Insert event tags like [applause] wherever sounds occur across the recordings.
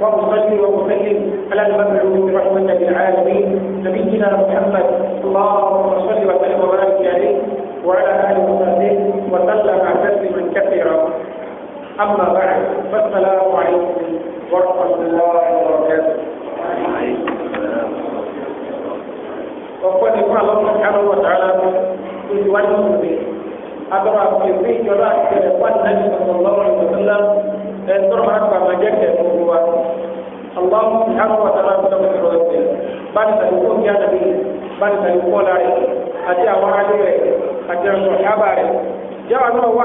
وأصلي وأسلم على المبعوث رحمة للعالمين نبينا محمد اللهم صل وسلم وبارك عليه وعلى آله وصحبه وسلم تسليما كثيرا أما بعد فالسلام عليكم ورحمة الله وبركاته وقد قال الله سبحانه وتعالى في سؤال المسلمين أدرى في الفيديو النبي صلى الله عليه وسلم ẹ̀sọ́rọ̀ máa gba máa jẹ́ kẹ̀ fún wa aláwọ̀ àwọn àtàlà ń dọ́kọ̀ ìrọ̀ ẹ̀sẹ̀ bá ní sàlẹ̀ kó kí á nàbí bá ní sàlẹ̀ kó ọ̀la rẹ̀ àti àwọn adé rẹ̀ àti àwọn ọ̀ṣábà rẹ̀ jáwà náà wà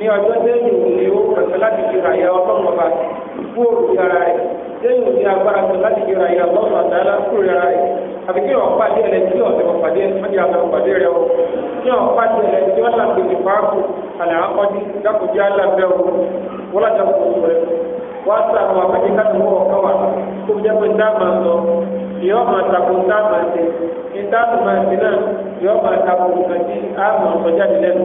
ní ọjọ́ déyìn òní ó pẹ̀sẹ̀ láti fi ràyà ọlọ́run ọba fún olùyàrá rẹ̀ déyìn òní agbára tó láti fi ràyà ọlọ́run àdáyàlá fún ìyàrá rẹ̀ àbí kí wọ́n pàdé ẹ̀rẹ́ tí ọ̀sẹ̀ wọn pàdé ẹ̀sẹ̀ wọn pàdé rẹ̀ o kí wọ́n pàdé ẹ̀rẹ́ tí wọ́n làgbèsè fáàkù àlẹ́ dákòjú àlàbẹ̀ wọ́n làjà kò sọ̀rọ̀ wá sàrò àpèjì ká lówó ọkọ wa kó jẹ́ pé tá a máa sọ yọ máa takò tá a máa ṣe ní tá a máa ṣe náà yọ máa takò nǹkan tí a máa sọ jáde lẹ́nu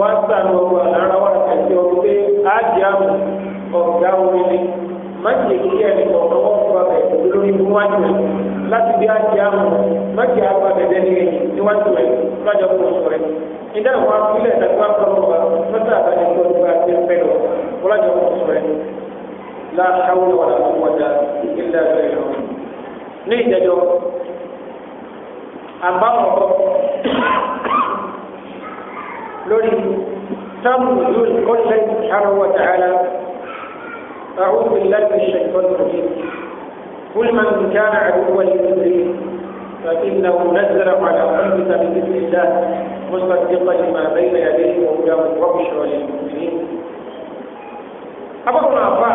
wá sàrò ọwọ́ àlára wa àti ọ̀rọ̀ pé a jẹ́ àwọn ọ̀gá orin ni má jẹ́ kí ẹnì kọ̀ọ̀kan wọ́n fún wa bẹ̀rẹ̀ lórí fún wájú ẹ̀ láti bí a jẹ́ àwọn má jẹ́ àgbà bẹ̀rẹ̀ ní níwájú ẹ̀ lọ́jọ́ fún ọ̀sọ̀ rẹ̀ ìdá àwọn afúnilẹ̀ ìdájọ́ àkọ́kọ́ wa mọ́tà àbájọ́ ìgbọ́dọ̀ àti ẹ̀fẹ́ lọ lọ́jọ́ fún ọ̀sọ̀ rẹ̀. لا حول ولا قوة إلا بالله ní ìjẹjọ àbáwọ̀kọ́ لوري تم وجود كل شيء سبحانه وتعالى أعوذ بالله من الشيطان الرجيم كل من كان عدوا لجبريل فإنه نزل على قلبك بإذن الله مصدقا لما بين يديه وهدى وبشرى للمؤمنين akọ́kọ́ náà bá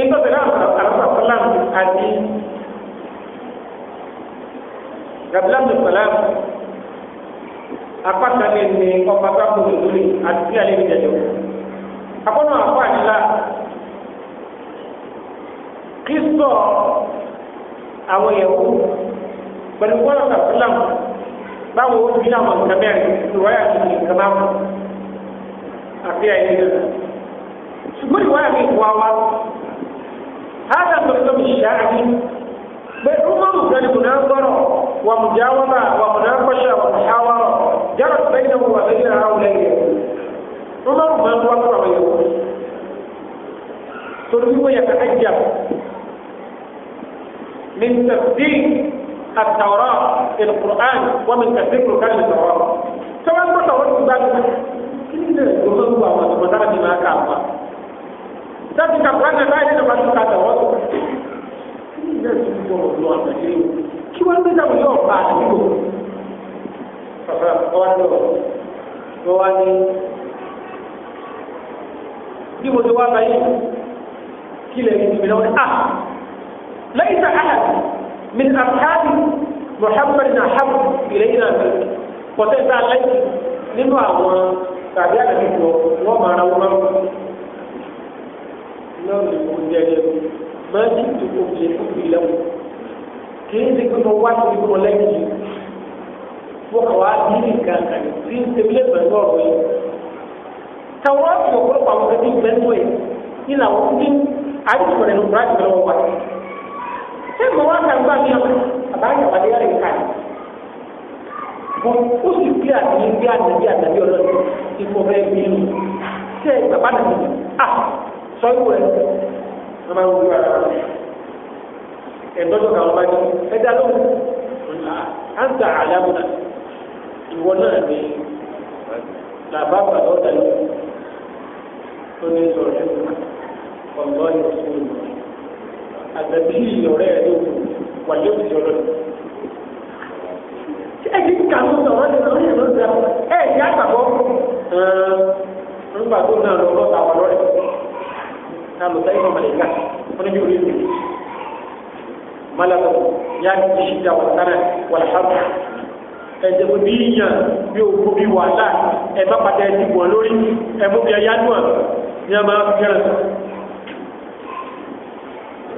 ìtọ́sẹ̀ náà àlọ́sà sọ́lám àti gàbílám ní sọ́lám apáta lè ní ọba sábò lórí àti bí alẹ́ ìjẹjọ akọ́nà àpá àdìlá kristo àwọn ìyẹ̀wò pẹ̀lú wọ́n náà sọ́lám báwo ó bí àwọn nǹkan mẹ́rin ìwáyà tuntun nǹkan máa mú àti àyè náà. واحد هو هذا المفهوم الشاعري بالأمم كان مناظرة ومجاوبة ومناقشة ومحاورة جرت بينه وبين هؤلاء عمر من وقع غيره ترمي يتعجب من تصديق التوراة في القرآن ومن تصديق كلمة التوراة سواء ما تقول بعد كل ما هو ما تعرف ما كان sẹ́tù kàkúrẹ́sẹ̀ báyìí nínú pàtó kàtà wọ́n tó kí wọ́n gbé sáwọn yóò pa àdúgbò ọ̀rọ̀ wá ní bí mo ti wá báyìí kí lè rí ìbílẹ̀ wọn à lẹ́yìn tá àhà mi ní àbúkádì Muhammad náà hàbù ìrẹ́yìn náà bẹ̀rẹ̀ pọ̀tẹ́ tá a lẹ́yìn nínú àwọn tàbí àdàbí wọn máa ra wọn máa lọ́rùn ìkó jẹjẹ máa ní ìdókò ṣe fún ìlẹ́wọ̀n kìí ṣe pé mo wá sí ìkó lẹ́yìn yìí wọ́n kà wá bí nìkan kan tí ń ṣe ilé pẹ̀lú ọ̀rọ̀ yìí. tàwọn á fi ọ̀pọ̀lọpọ̀ àwọn ẹbí pẹ̀lú ẹ̀ ní làwọn ní àdìsọ̀rọ̀ ẹ̀nu kúrò àti ìlọ́wọ́ wa. ṣé mo wá kà ń gbà mí ọ àbáyọ̀ wà lẹ́yìn rẹ̀ káyì. bọ́n ó sì kí àtìyí bí àtàbí àtàbí ọlọ́dún ìfọ̀fẹ́ ìgbìyànjú. ṣé bàbá nàìjíríà sọ́yìn wẹ̀ wọ́n máa ń wúlò ara wọn ẹ̀dọ́jọ́ kan wọ́n bá ní ẹ̀dá lóhùn á ń ta àlámùnà ìwọ náà ní làbá pàdé ọ̀dà yìí tó ní sọ̀rọ̀ ẹ̀ ọ̀gbọ́n yìí tó ń lò àgbẹ̀bí ọ̀rẹ́ ẹ̀ ló wà yóò ti ọ̀rọ̀ yìí. ṣé ẹ̀jẹ̀ kíkà ló sọ̀rọ̀ ẹ̀ lọ́sẹ̀ lọ́sẹ̀ ẹ̀ ẹ̀jẹ̀ àgbàgbọ́ nígbà tó náà lọ lọ́ta wà lọ́rẹ̀ na mutaifa malaika wani yuridu malaka ya ti shida wa tara wal harb ẹjẹ kò bí yíyan bí òkú bí wàhálà ẹ bá pàtẹ ẹtì bọ̀ lórí ẹ mú bí ẹyá dùn ní ọmọ fẹ́ràn.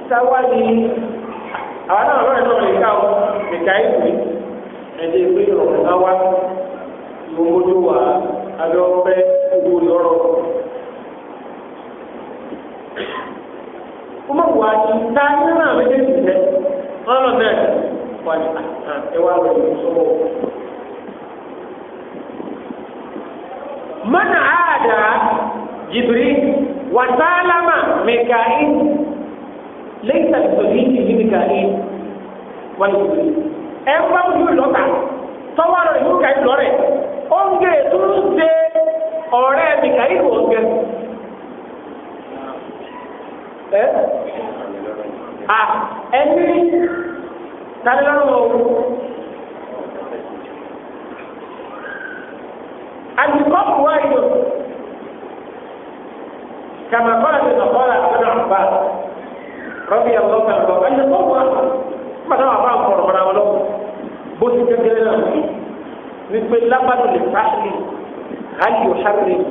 táwa ni àwọn náà lọ́rẹ̀ náà lè ká ọ nìka ìwé ẹjẹ ìwé ìrọ̀rùn náà wá ìwọ́n mọ́tò wà abẹ́ ọ̀fẹ́ kuma wà ní táyé náà méjèèjì jẹ ọlọ náà wà ní ẹwà rẹ ní sọwọ. mọ́nà àdá jìbìrì wà sálámà mẹ́kàí lẹ́yìn tàbí ní mẹ́kàí wà ní jìbìrì. ẹ ń bá ojú lọ́tà tọ́wọ́ rẹ̀ ní mẹ́kàí lọ́rẹ̀ ó ń gé ètò ń ṣe ọ̀rẹ́ mẹ́kàí ẹ à ẹni tani lọ́rùn o alikọ́pù wa yìí o kàmá kọ́lá ti nà kọ́lá àbẹ̀nà àbá rọ́bì yà lọ́kà lọ́ alikọ́pù wa kọ́lá wà bá nkọ̀rọ̀ mọ́ra wọn bó ti kékeré náà wí wípé lábàdàn lè fàṣẹ hali yóò hàbẹ̀rẹ̀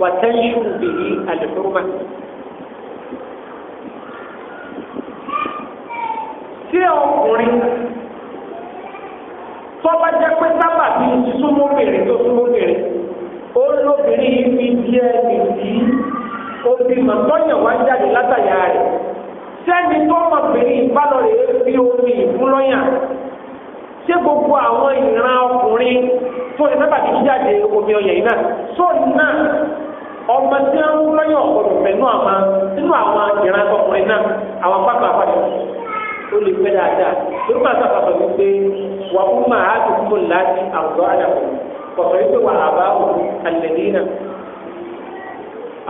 wà tẹ́ńṣù bìyí alẹ́ fúrúmà. tí ọkùnrin tọ́ba jẹ́ pé sábà bí súnmọ́bìnrin tó súnmọ́bìnrin ó lóbìnrin yìí fi di ẹni tí obìnrin tọ́yàn wá jáde látàyà rẹ̀ sẹ́ni tọ́mọbìnrin ìbálọ̀ rẹ̀ fi omi ìfúnlọ́yàn ṣé gbogbo àwọn ìran ọkùnrin tó ní sábà bí jáde omi ọ̀yẹ̀ yìí náà tó náà ọmọ tí wọ́n ń lọ́yàn ọ̀pọ̀lọpọ̀ pẹ̀lú àwọn nínú àwọn ìran ọkùnrin náà àwọn pápá àpàdé ó lè pẹ́ dáadáa lórí pàṣẹ àpapọ̀ wípé wà fún màá dùnkù láti àwùjọ àdàpọ̀ kọ̀sọ̀ wípé wà àbá òkú àlẹ́dínà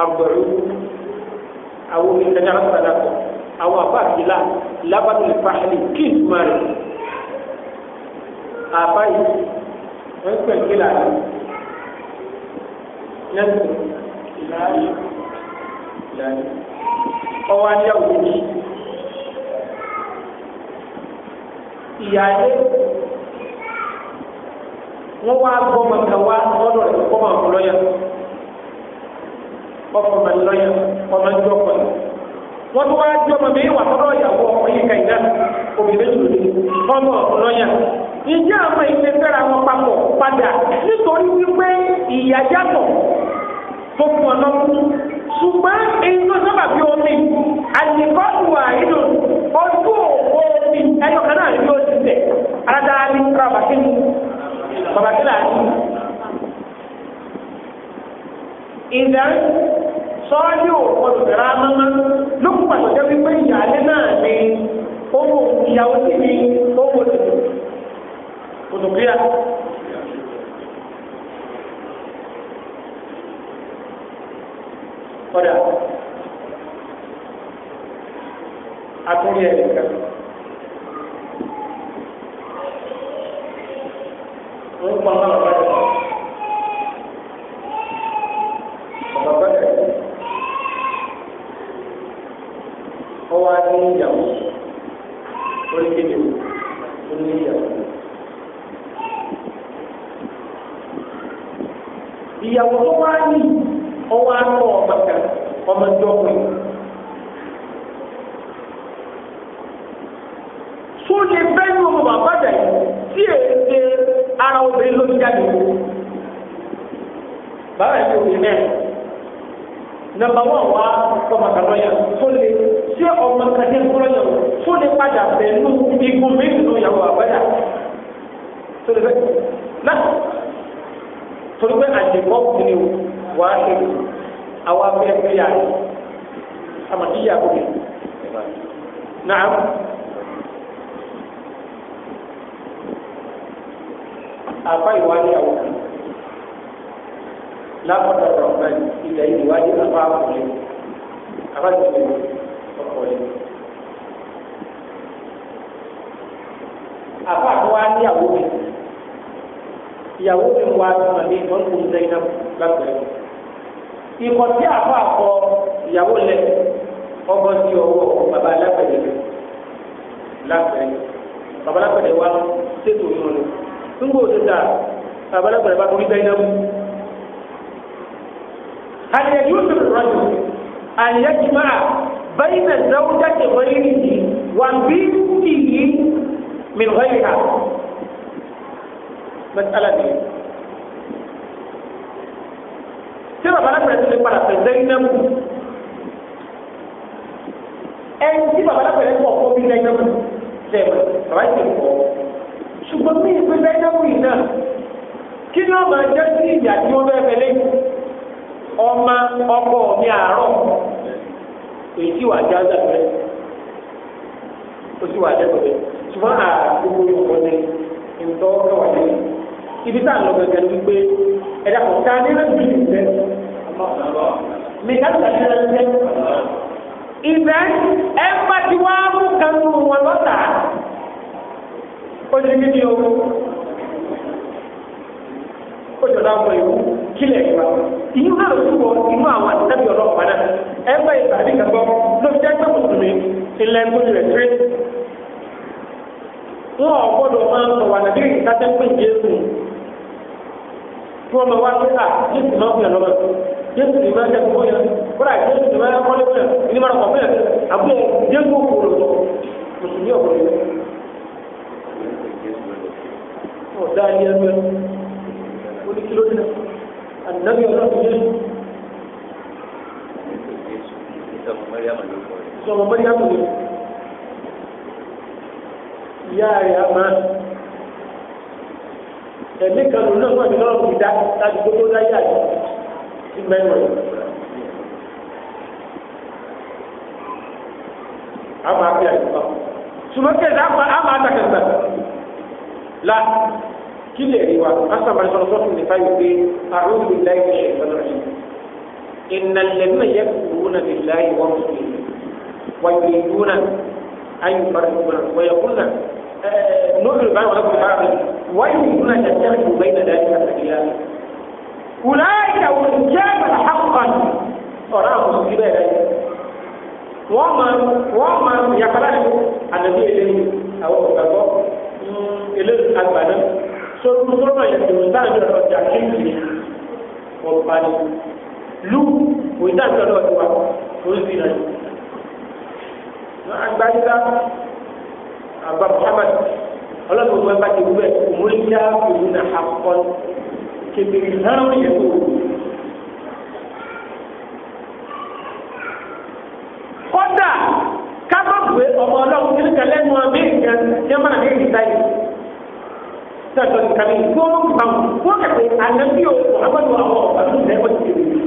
àgbọ̀rú àwọn omi ìtajà rẹ̀ sọ̀rọ̀ dàpọ̀ àwọn àbá àbílà lábàtú lè fàṣẹlì kí n túmọ̀ rẹ̀ àbá yìí wọ́n pẹ̀ kí làlá lẹ́nu láàyè láàyè ọwọ́ adé àwùjọ yìí. ìyáálé wọ́n wá gbọ́ màkà wá ọ̀dọ̀ rẹ̀ kọ́ màá fún lọ́yà ọkọ̀ màá lọ́yà ọmọ ẹjọ́ kọ̀ ní. wọ́n tún wá jọ màmá mi wà sọ́dọ̀ ìyàwó ọkọ̀ yìí kàyí náà obìnrin méjì lòdì ọmọ ọ̀fun lọ́yà. ìjẹ́ àwọn ìfẹ́ fẹ́ra wọn papọ̀ padà nítorí wípé ìyájá pọ̀ tó fún ọ lọ́kùnrin ṣùgbọ́n èyí tó sábà bí omi àyíkọ́tùwà ìlú ojú òwò omi ẹyọ kan náà yóò ti tẹ̀ aládàá ní rabakínú babakínú àti. ìdá sọ́ọ́lì òkòtò bẹ̀rẹ̀ amámá lókùn pàtó jẹ́ wípé ìyáálé náà ni owó ìyàwó ti ní owó tuntun kòtòkìlá. kọ́dà atúndì ẹ̀ nìkan wọ́n pa ọmọ bàbá rẹ̀ bàbá bàbá rẹ̀ ọwọ́ á ní ìyàwó ó ní kéde ó ní ìyàwó. ìyàwó tó wá ní ọwọ́ àtọ́ ọmọ ẹjọ́ pé tó lè bẹ́ẹ̀ ní ọmọ bàbá dà yìí tí èdè ara obìnrin ló ti jáde wò bàbá yìí obìnrin náà nàmbà wọn wá ọmọ kan lọ́yà tó lè ṣé ọmọ kan ní kúrọ́yà tó lè padà pẹ̀lú igun méjì ló yàwó bàbá dà tó lè bẹ́ẹ̀ náà torí àjẹkọ́ kùnì wàá ṣe kù àwa fẹ́ fẹ́ yà á àmà kí yà kó mi náà. àfa ìwádìí àwọn kan lápapọ̀ ọ̀gbọ́n ilẹ̀ ìwádìí àfa àkọlẹ̀ àfa ìwádìí ọkọlẹ̀. àfa àkọwá ní àwọn mi ìyàwó mi wá sí màmí ìtọ́jú ìdẹ́yìn náà lápẹ̀rẹ̀ ikọ̀ tí a fà kọ ìyàwó lẹ ọgbọ́n sí ọwọ́ baba alápẹ̀lẹ̀ lápẹ̀lẹ̀ baba alápẹ̀lẹ̀ wa ṣètò yìí lọ nígbà òde ta baba alápẹ̀lẹ̀ bá torí bẹ́ẹ̀ náà mú. àyẹ̀ yóò fi rọ̀jò àyẹ̀ jìmá bẹ́ẹ̀ náà zẹ́wọ́ jáde wọlé nìyí wà bí nìyí mìíràn yìí hà. tí bàbá alágbèrè tó lè padà fẹ́ Zainabu ẹni tí bàbá alágbèrè pọ̀ fún bí Zainabu tẹ̀ bàbá yìí ti pọ̀ ṣùgbọ́n mí ìpè Zainabu yìí náà kí ni wọ́n máa jẹ́ sí ìyá tí wọ́n bẹ́ẹ̀ fẹ́lẹ́ ọmọ ọkọ mi àárọ̀ èyí tí wàá já dàgbẹ́ ó sì wàá dẹ́gbẹ̀ẹ́ ṣùgbọ́n àgbogbo ìwọ̀n ní ìtọ́ kẹwàá lẹ́yìn ibi tá à ń lọ gẹ́gẹ́ ni wípé ẹ̀dá kan ká ní lẹ́nu bíi ìfẹ́ mìíràn tàbí lẹ́nu tẹ́ ìfẹ́ ẹ bá ti wá mú kanú wọn lọ́tà ó ti kí ni o ó jọ láwọn ìwú kílẹ̀ ìwà ìyú náà ló túbọ̀ inú àwọn àtẹ́bí ọlọ́pàá náà ẹ bá ìpàdé kan gbọ́ ló fi jẹ́ pé mùsùlùmí ilẹ̀ ń gbójú rẹ̀ tíré wọn ò gbọ́dọ̀ máa ń sọ wà nàbí ìtàtẹ́pẹ́ Jésù kí wọ́n máa wá sí à yéésù máa ń fún yàn lọ́wọ́ yéésù ní máa ń jẹ́ fún yàn kúrò àti yéésù ní máa ń kọ́lé fún yàn ní máa ń kọ́ fún yàn àbúrò yéésù kò lò tó mùsùlùmí ọ̀gbọ̀n yẹn. ọ̀dà yẹn lọ oníkìló náà ànábì ọlọ́run yẹn. sọmọ mẹ́ríàmù ló kọ́ ẹ̀. sọmọ mẹ́ríàmù ló kọ́ ẹ̀. ìyá rẹ̀ á máa ẹ̀mí kan ló náà wọ́n mi lọ́rùn mi dá láti gbogbo láyé àti ti mẹ́rin. a máa fi àyè pa ṣùgbọ́n kẹ̀sì a máa dàkẹ̀sà la kí lè rí wa asàmà sọ̀rọ̀ sọ́kùn nípa yìí pé àrùn mi láyé ṣe ìfẹ́ràn yìí ìnà lẹ́nu yẹ kúrú náà lè láyé wọ́n mi wáyé yúnà ayé ìfẹ́ràn yìí wọ́n yẹ kúrú náà. نؤمن ببعض ولكم ببعض ويريدون ان يتخذوا بين ذلك سبيلا اولئك وان كان حقا فراهم مسلمين وما وما يقرأ النبي اليه او بابا اليه البدن سورة سورة يتوزع على الجاهلين والبدن lu wòye tá a sọ̀rọ̀ ọ̀dọ̀ wa orí ti rẹ̀ agbadza àgbà Muhammad ọlọ́dún wọn bá ti wú ẹ̀ mọ́lẹ́dá òun náà akọ kébìrì náà yẹ kó. kódà kábàgbé ọmọ ọlọ́run kiri kan lẹ́nu amẹ́ríkà ní ọmọ amẹ́ríkà yìí sọ̀tọ̀ nìkan yìí tó ń bá wọn wọ́n kẹ̀kẹ́ ànábì ò Muhammad wà wọ́n ọ̀gá wọ́n ti kébìrì.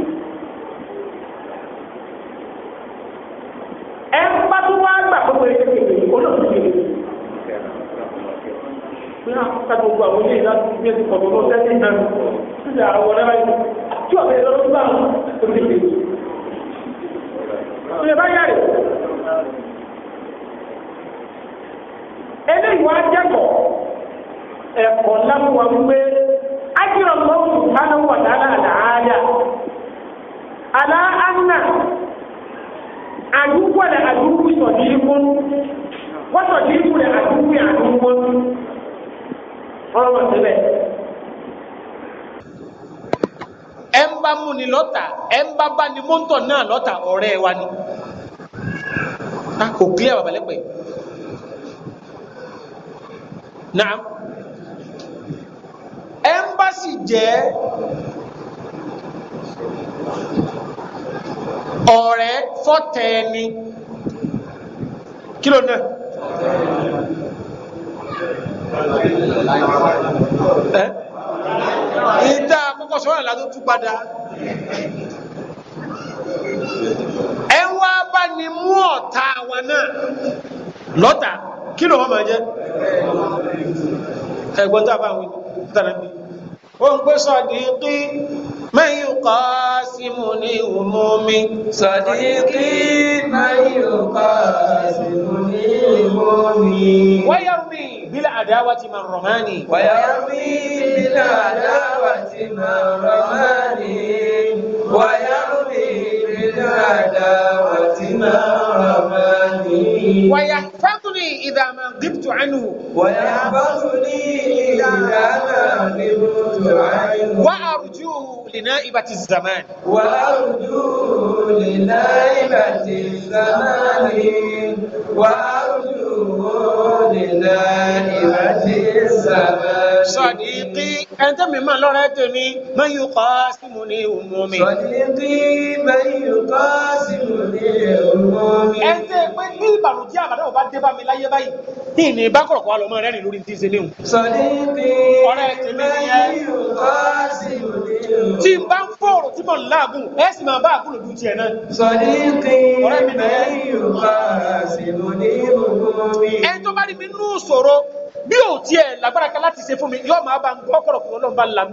ẹ ń bá tó wá gbà pé wọ́n ti kébìrì olóòtú kébìrì pé àkókò gbogbo àwọn ilé ìlànà ìgbésí kọ̀ọ̀tọ̀ lọ́sẹ̀ ní ìlànà tí àwọn ọ̀rẹ́ báyìí tí ọ̀rẹ́ lọ́dún bá wọn ó lè ẹ̀ ń bá ní mọ́tò náà lọ́tà ọ̀rẹ́ wa ni kò clear bàbá lẹ́pẹ́ naam embassy jẹ́ ọ̀rẹ́ fọ́tẹ̀ẹni kí ló náà ìta àkọ́kọ́ sọ́rọ̀ ìlàdó tún padà ẹ wá bá ní mú ọ̀tá wa náà lọ́tà kí ló wọ́n máa jẹ́ ẹ̀gbọ́n tó àbáwọn tàbí bí ó ń pè sọ̀díkì mẹ́yìn kọ́ sí mu ní ìwòmú mi sọ̀díkì mẹ́yìn kọ́ sí mu ní ìwòmú mi. wáyà mi bílẹ̀ àdáwà ti máa rọ̀mọ́ ni. wáyà mi bílẹ̀ àdáwà ti máa rọ̀mọ́ ni. wáyà ويحفظني إذا ما غبت عنه ويحفظني إذا ما غبت عنه وأرجوه لنائبة الزمان وأرجوه لنائبة الزمان وأرجوه لنائبة الزمان Sadiqi, ẹni tẹ́mi máa lọ́rẹ́ tó ní mẹ́yù kọ́ símù ní ìhùmú mi. sọ̀díkì mẹ́yù kọ́ símù ní ìhùmú mi. ẹ ní ìní bá kọ̀rọ̀ kọ́ lọ́mọ rẹ́rìn lórí tí ń ṣe léhùn. ọ̀rẹ́ tèmi nìyẹn tí n bá ń fọ̀rọ̀ tí mò ń láàgùn ẹ sì máa bá àgùn lòdù tiẹ̀ náà. ọ̀rẹ́ bí ò tiẹ̀ lágbára kan láti ṣe fún mi yóò máa bá ń gbọ́ kọ̀rọ̀ kọ́ lọ́nba là ń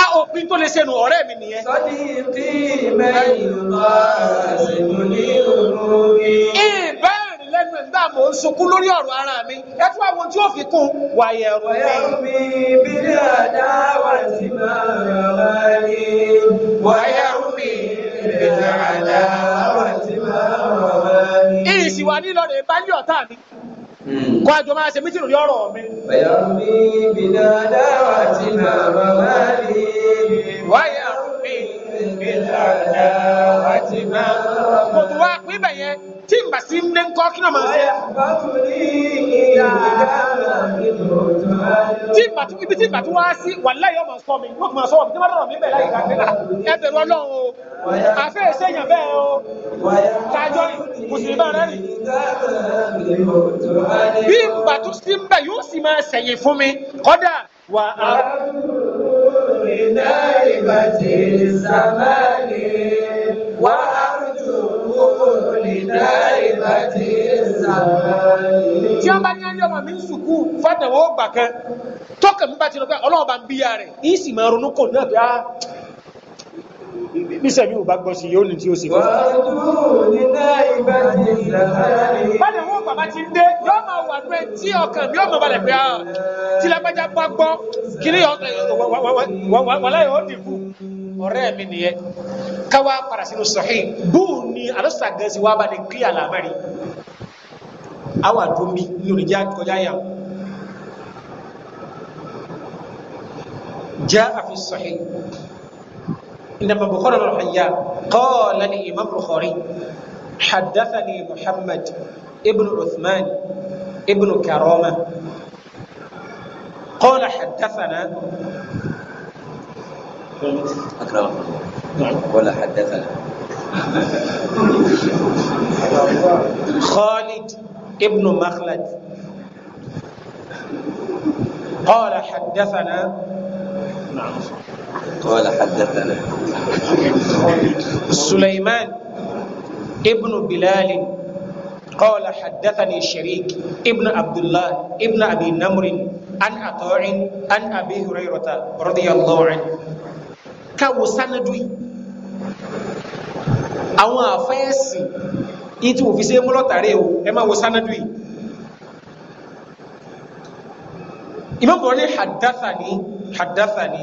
a òpin tó lè ṣe nu ọ̀rẹ́ mi nìyẹn. sọ́dí tí mẹ́yìn bá lẹ́nu ẹ̀gbà mò ń sunkún lórí ọ̀rọ̀ ara mi ẹ tún àwọn tí ó fi kún wàyẹ̀ ọ̀rọ̀ mi. wàyẹ̀ omi bílẹ̀ àdá wà sí máa rà ní. wàyẹ̀ omi bílẹ̀ àdá wà sí máa rà ní. ìsìwà nílò rẹ̀ bá ní ọ̀tá mi kó àjọ máa ṣe mítìrì lórí ọ̀rọ̀ mi. wàyẹ̀ omi bílẹ̀ àdá wà sí máa rà ní. wàyẹ̀ mo tún wá pín bẹ̀ yẹn tí n bà sí ń lé ń kọ́ kí náà máa ṣe. tí n bà tún ibi tí n bà tún wá sí wàláyé ọmọ sọ mi yóò fi máa sọ wà mí tí wọ́n dọ̀rọ̀ mi bẹ̀ láyé ìgbàgbé náà ẹ bẹ̀rù ọlọ́run o àfẹ́ ìṣẹ́yàn bẹ́ẹ̀ o kájọ́ mùsùlùmí bá rẹ̀ rì. bí n bà tún sí ń bẹ̀ yóò sì máa ṣẹ̀yìn fún mi kọ́dà wà á. لدائبة الزمان وأرجوه لدائبة الزمان tí a bá ní ẹjọ́ ọmọ mi ń sùkú fàdánwó gbà kan tọ́kàn bá ti lọ pé ọlọ́run bá ń bíyà rẹ̀ yìí máa ronú kò náà pé á ah, bíṣẹ̀mí ò bá gbọ́ sí yóò ní tí ó sì kọ́. wọ́n bàbá ti dé, yóò máa wà pé tí ọkàn mi ó mọ̀ balẹ̀ pé a ah, tí lágbájá bá gbọ́, kí ní wàlá yóò ni àlọ́sà gan sí wá bá ní kí àlàmárì. Àwọn àdúmí ní oníjà kọjá إنما بخاري الحياء قال الإمام البخاري حدثني محمد ابن عثمان ابن كرامة قال حدثنا نعم. قال ولا حدثنا خالد ابن مخلد قال حدثنا قال حدثنا سليمان ابن بلال قال حدثني شريك ابن عبد الله ابن أبي نمر عن عطاء عن أبي هريرة رضي الله عنه كاو سندوي àwọn àfẹ́ẹ̀sì ìtí òfìsẹ́ mọ́lọ́tàrí ẹ̀ máa wo sanadu Imam Bukhari ní haddathani haddathani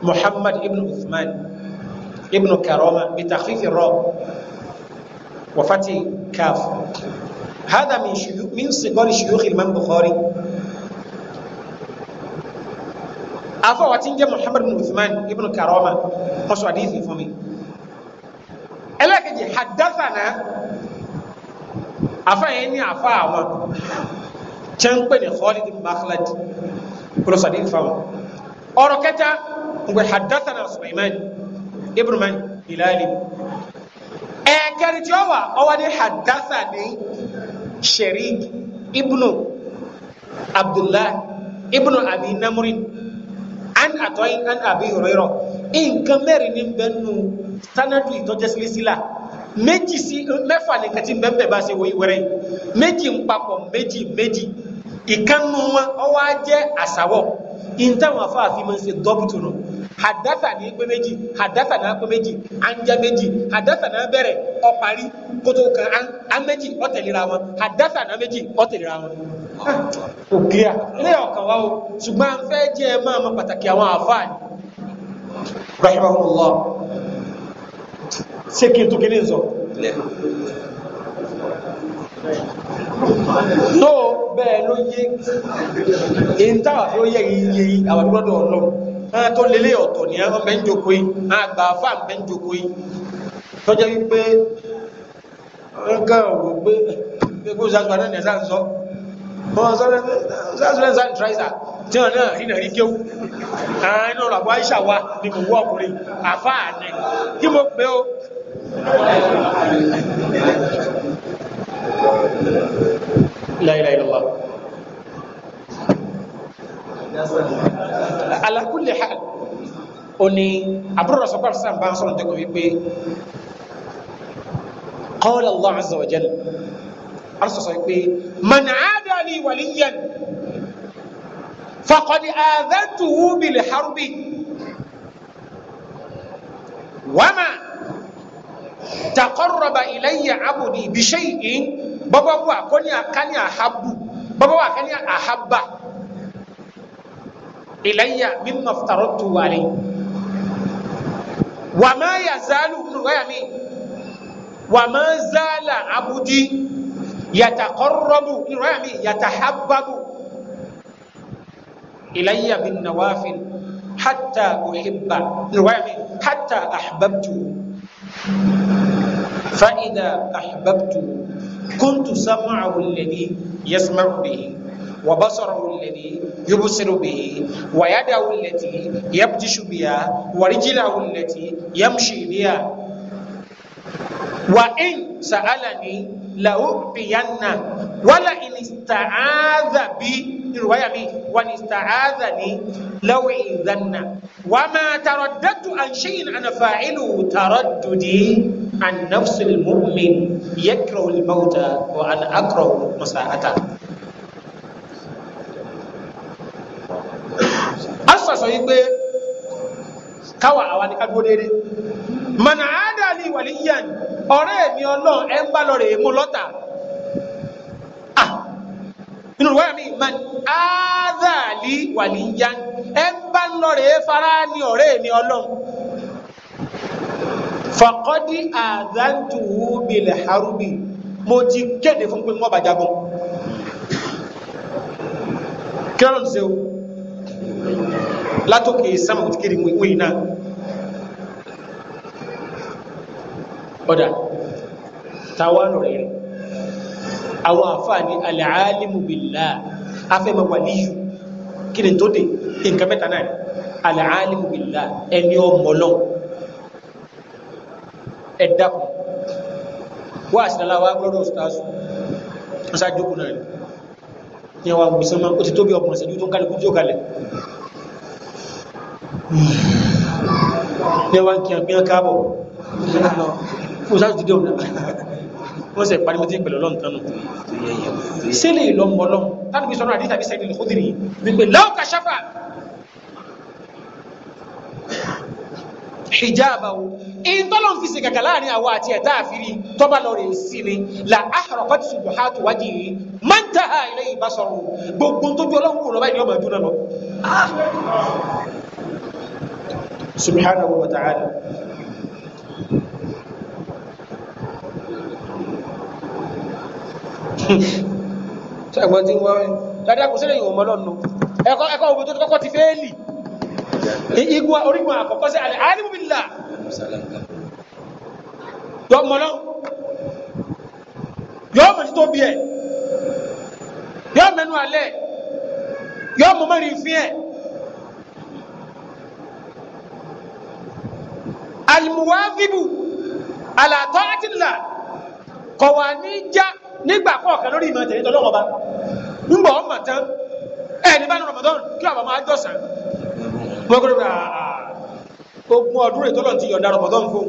Muhammad ibn Uthman ibn Karama bi takhfifi ra kaf هذا من شيوخ من صغار شيوخ الإمام البخاري afa wa tin jẹ́ muhammad bin uthman ibn karama ó sọ hadithi fún mi ẹlẹ́kejì afa yẹn ni afa àwọn can pè ní Khalid bin Makhlad kúrò sàdín fáwọn ọ̀rọ̀ kẹta ngbe hadathana Sulaiman ibn man Hilali eh, ẹ̀ẹ̀kẹrin tí ó wà ọwọ́ ní hadathani Sharik ibn Abdullah ibn Abi Namrin an àtọ́yìn an Abi Hurairah nǹkan mẹ́rin ní bẹ́ẹ̀ nù sanadu ìtọ́jẹ́sílẹ́sílà meji si mẹ́fà nìkan tí bẹ́ẹ̀ bá ṣe wẹ̀rẹ̀ méjì meji meji; meji méjì ìkànnù wọn ọwọ́ á jẹ́ afọ ìntàwọn afáàfin máa ń ṣe nù hadasa ní pé méjì hadasa na akpọ méjì anja méjì hadasa náà bẹ̀rẹ̀ ọ̀parí kótó kan an méjì wọn hadasa náà wọn. kò clear ilé ọ̀kan wa o ṣùgbọ́n a jẹ́ ẹ máa ma pàtàkì ṣé kí n tó kíní sọ tó bẹ́ẹ̀ ló yé ìntàwà tó yẹ iye àwọn gbọ́dọ̀ ọlọ́run náà tó lélẹ̀ ọ̀tọ̀ ní ọmọ ẹ̀ńjòkó yìí àgbà àfà ẹ̀ńjòkó yìí tọ́jẹ́ wípé nǹkan ọ̀gbọ̀ pé gbogbo sàtúwà náà nẹ̀sà ń sọ wọ́n sọ sàtúwà náà tíráìsà tí wọ́n náà rí nàrí kéwú àárín ọ̀rọ̀ àbọ̀ àìṣà wa ni kò wọ́ ọkùnrin àfà àní kí mo pé ó لا إله إلا الله على كل حال أني عبر الرسول صلى الله عليه وسلم قال الله عز وجل أرسل صلى الله عليه وسلم من عادى لي وليا فقد آذنته بالحرب وما taqarraba ilayya abudi bi shay'in baba wa koni akani ahabu baba wa akani ahabba ilayya mimma aftaratu alayhi wa ma yazalu ibn yami wa ma zala abudi yataqarrabu ibn yami yatahabbu ilayya bin nawafil hatta uhibba ibn yami فَإِذَا أحببت كُنْتُ سمعه الَّذِي يَسْمَعُ بِهِ وبصره الَّذِي يُبْصِرُ بِهِ ويده التي يبتش بها ورجله التي يَمْشِي بها وإن سألني لأعطينه ولئن استعاذ بي رواية بي وإن استعاذني لأعيذنه وما ترددت عن شيء أنا فاعله ترددي عن نفس المؤمن يكره الموت وأن أكره مساءته أصلا سويك káwà àwa ní kádúró déédéé mọ̀nà àádáàlì wàlíyàn ọ̀rẹ́ mi ọlọ́run ẹ ń bá lọ rè é mú lọ́tà nínú ìwé mi mọ̀nà àádáàlì wàlíyàn ẹ ń bá lọ rè é fara ní ọ̀rẹ́ mi ọlọ́run fàkọ́dí àdántùwú bìlẹ̀ harúbì mo ti kéde fún pé wọ́n bá jagun kí lọ́nà ṣe o látòkè sáàmù ti kéde wé iná ọ̀dà tàwánù rẹ̀ rẹ̀ àwọn àfáà ní alìálìmù bìlá afẹ́mọ̀ wàlíyù kí ni tó dé nǹkan mẹ́ta náà alìálìmù bìlá ẹni ọmọ ẹ̀dá kù wá àṣìlá wa gbọ́dọ̀ stars ṣáájú kù náà ni àwọn àgbèsàn máa ó ti tóbi ọkùnrin ṣẹ́jú tó ń kálukú tí ó kalẹ̀ ní wọ́n kí àgbíyàn káàbọ̀ fúsáàtì dídé òun wọ́n sẹ̀ parí mọ́tí pẹ̀lú ọlọ́run tánù sílẹ̀ ìlọ́mọlọ́run tánù bí sọ́nà àdítàbí sẹ́yìn lè fúdìrí wípé láọ́kà sáfà hijabahu ìtọ́lọ́n fi ṣe kàkà láàrin àwa àti ẹ̀ta àfiri tọ́ba lọ rẹ̀ sí ni la ahraqat subuhatu wajhihi mantaha ilayhi basaruhu gbogbo tójú ọlọ́run wò lọ́ba ìdíyọ́ màdúrà lọ. subhanahu wa ta'ala. ṣàgbọ́n tí wọ́n dáadáa kò sílẹ̀ yìí ò mọ́ lọ́nu ẹ̀kọ́ ẹ̀kọ́ tó kọ́kọ́ ti fẹ́ẹ́lì igwa orígun àkọ́kọ́ sí alẹ́ alimu billah yọ mọ́lọ́ yọ mọ̀ tó bí ẹ̀ yọ mẹ́nu alẹ́ yọ mọ̀ mọ́ rí fi ẹ̀ alimuwazibu alatọ́ àtìlá kọ̀wà ní já nígbà kọ̀ọ̀kan lórí ìmọ̀ tẹ̀lé tọ́lọ́wọ́ bá ń bọ̀ ọmọ tán ẹ̀ ní bá ní Ramadan kí àwọn ọmọ ajọ́sàn wọ́n kọ́ nípa ogun ọdún rẹ̀ tọ́lọ̀ ti yọ̀ǹda rọ̀bọ̀ tó ń fún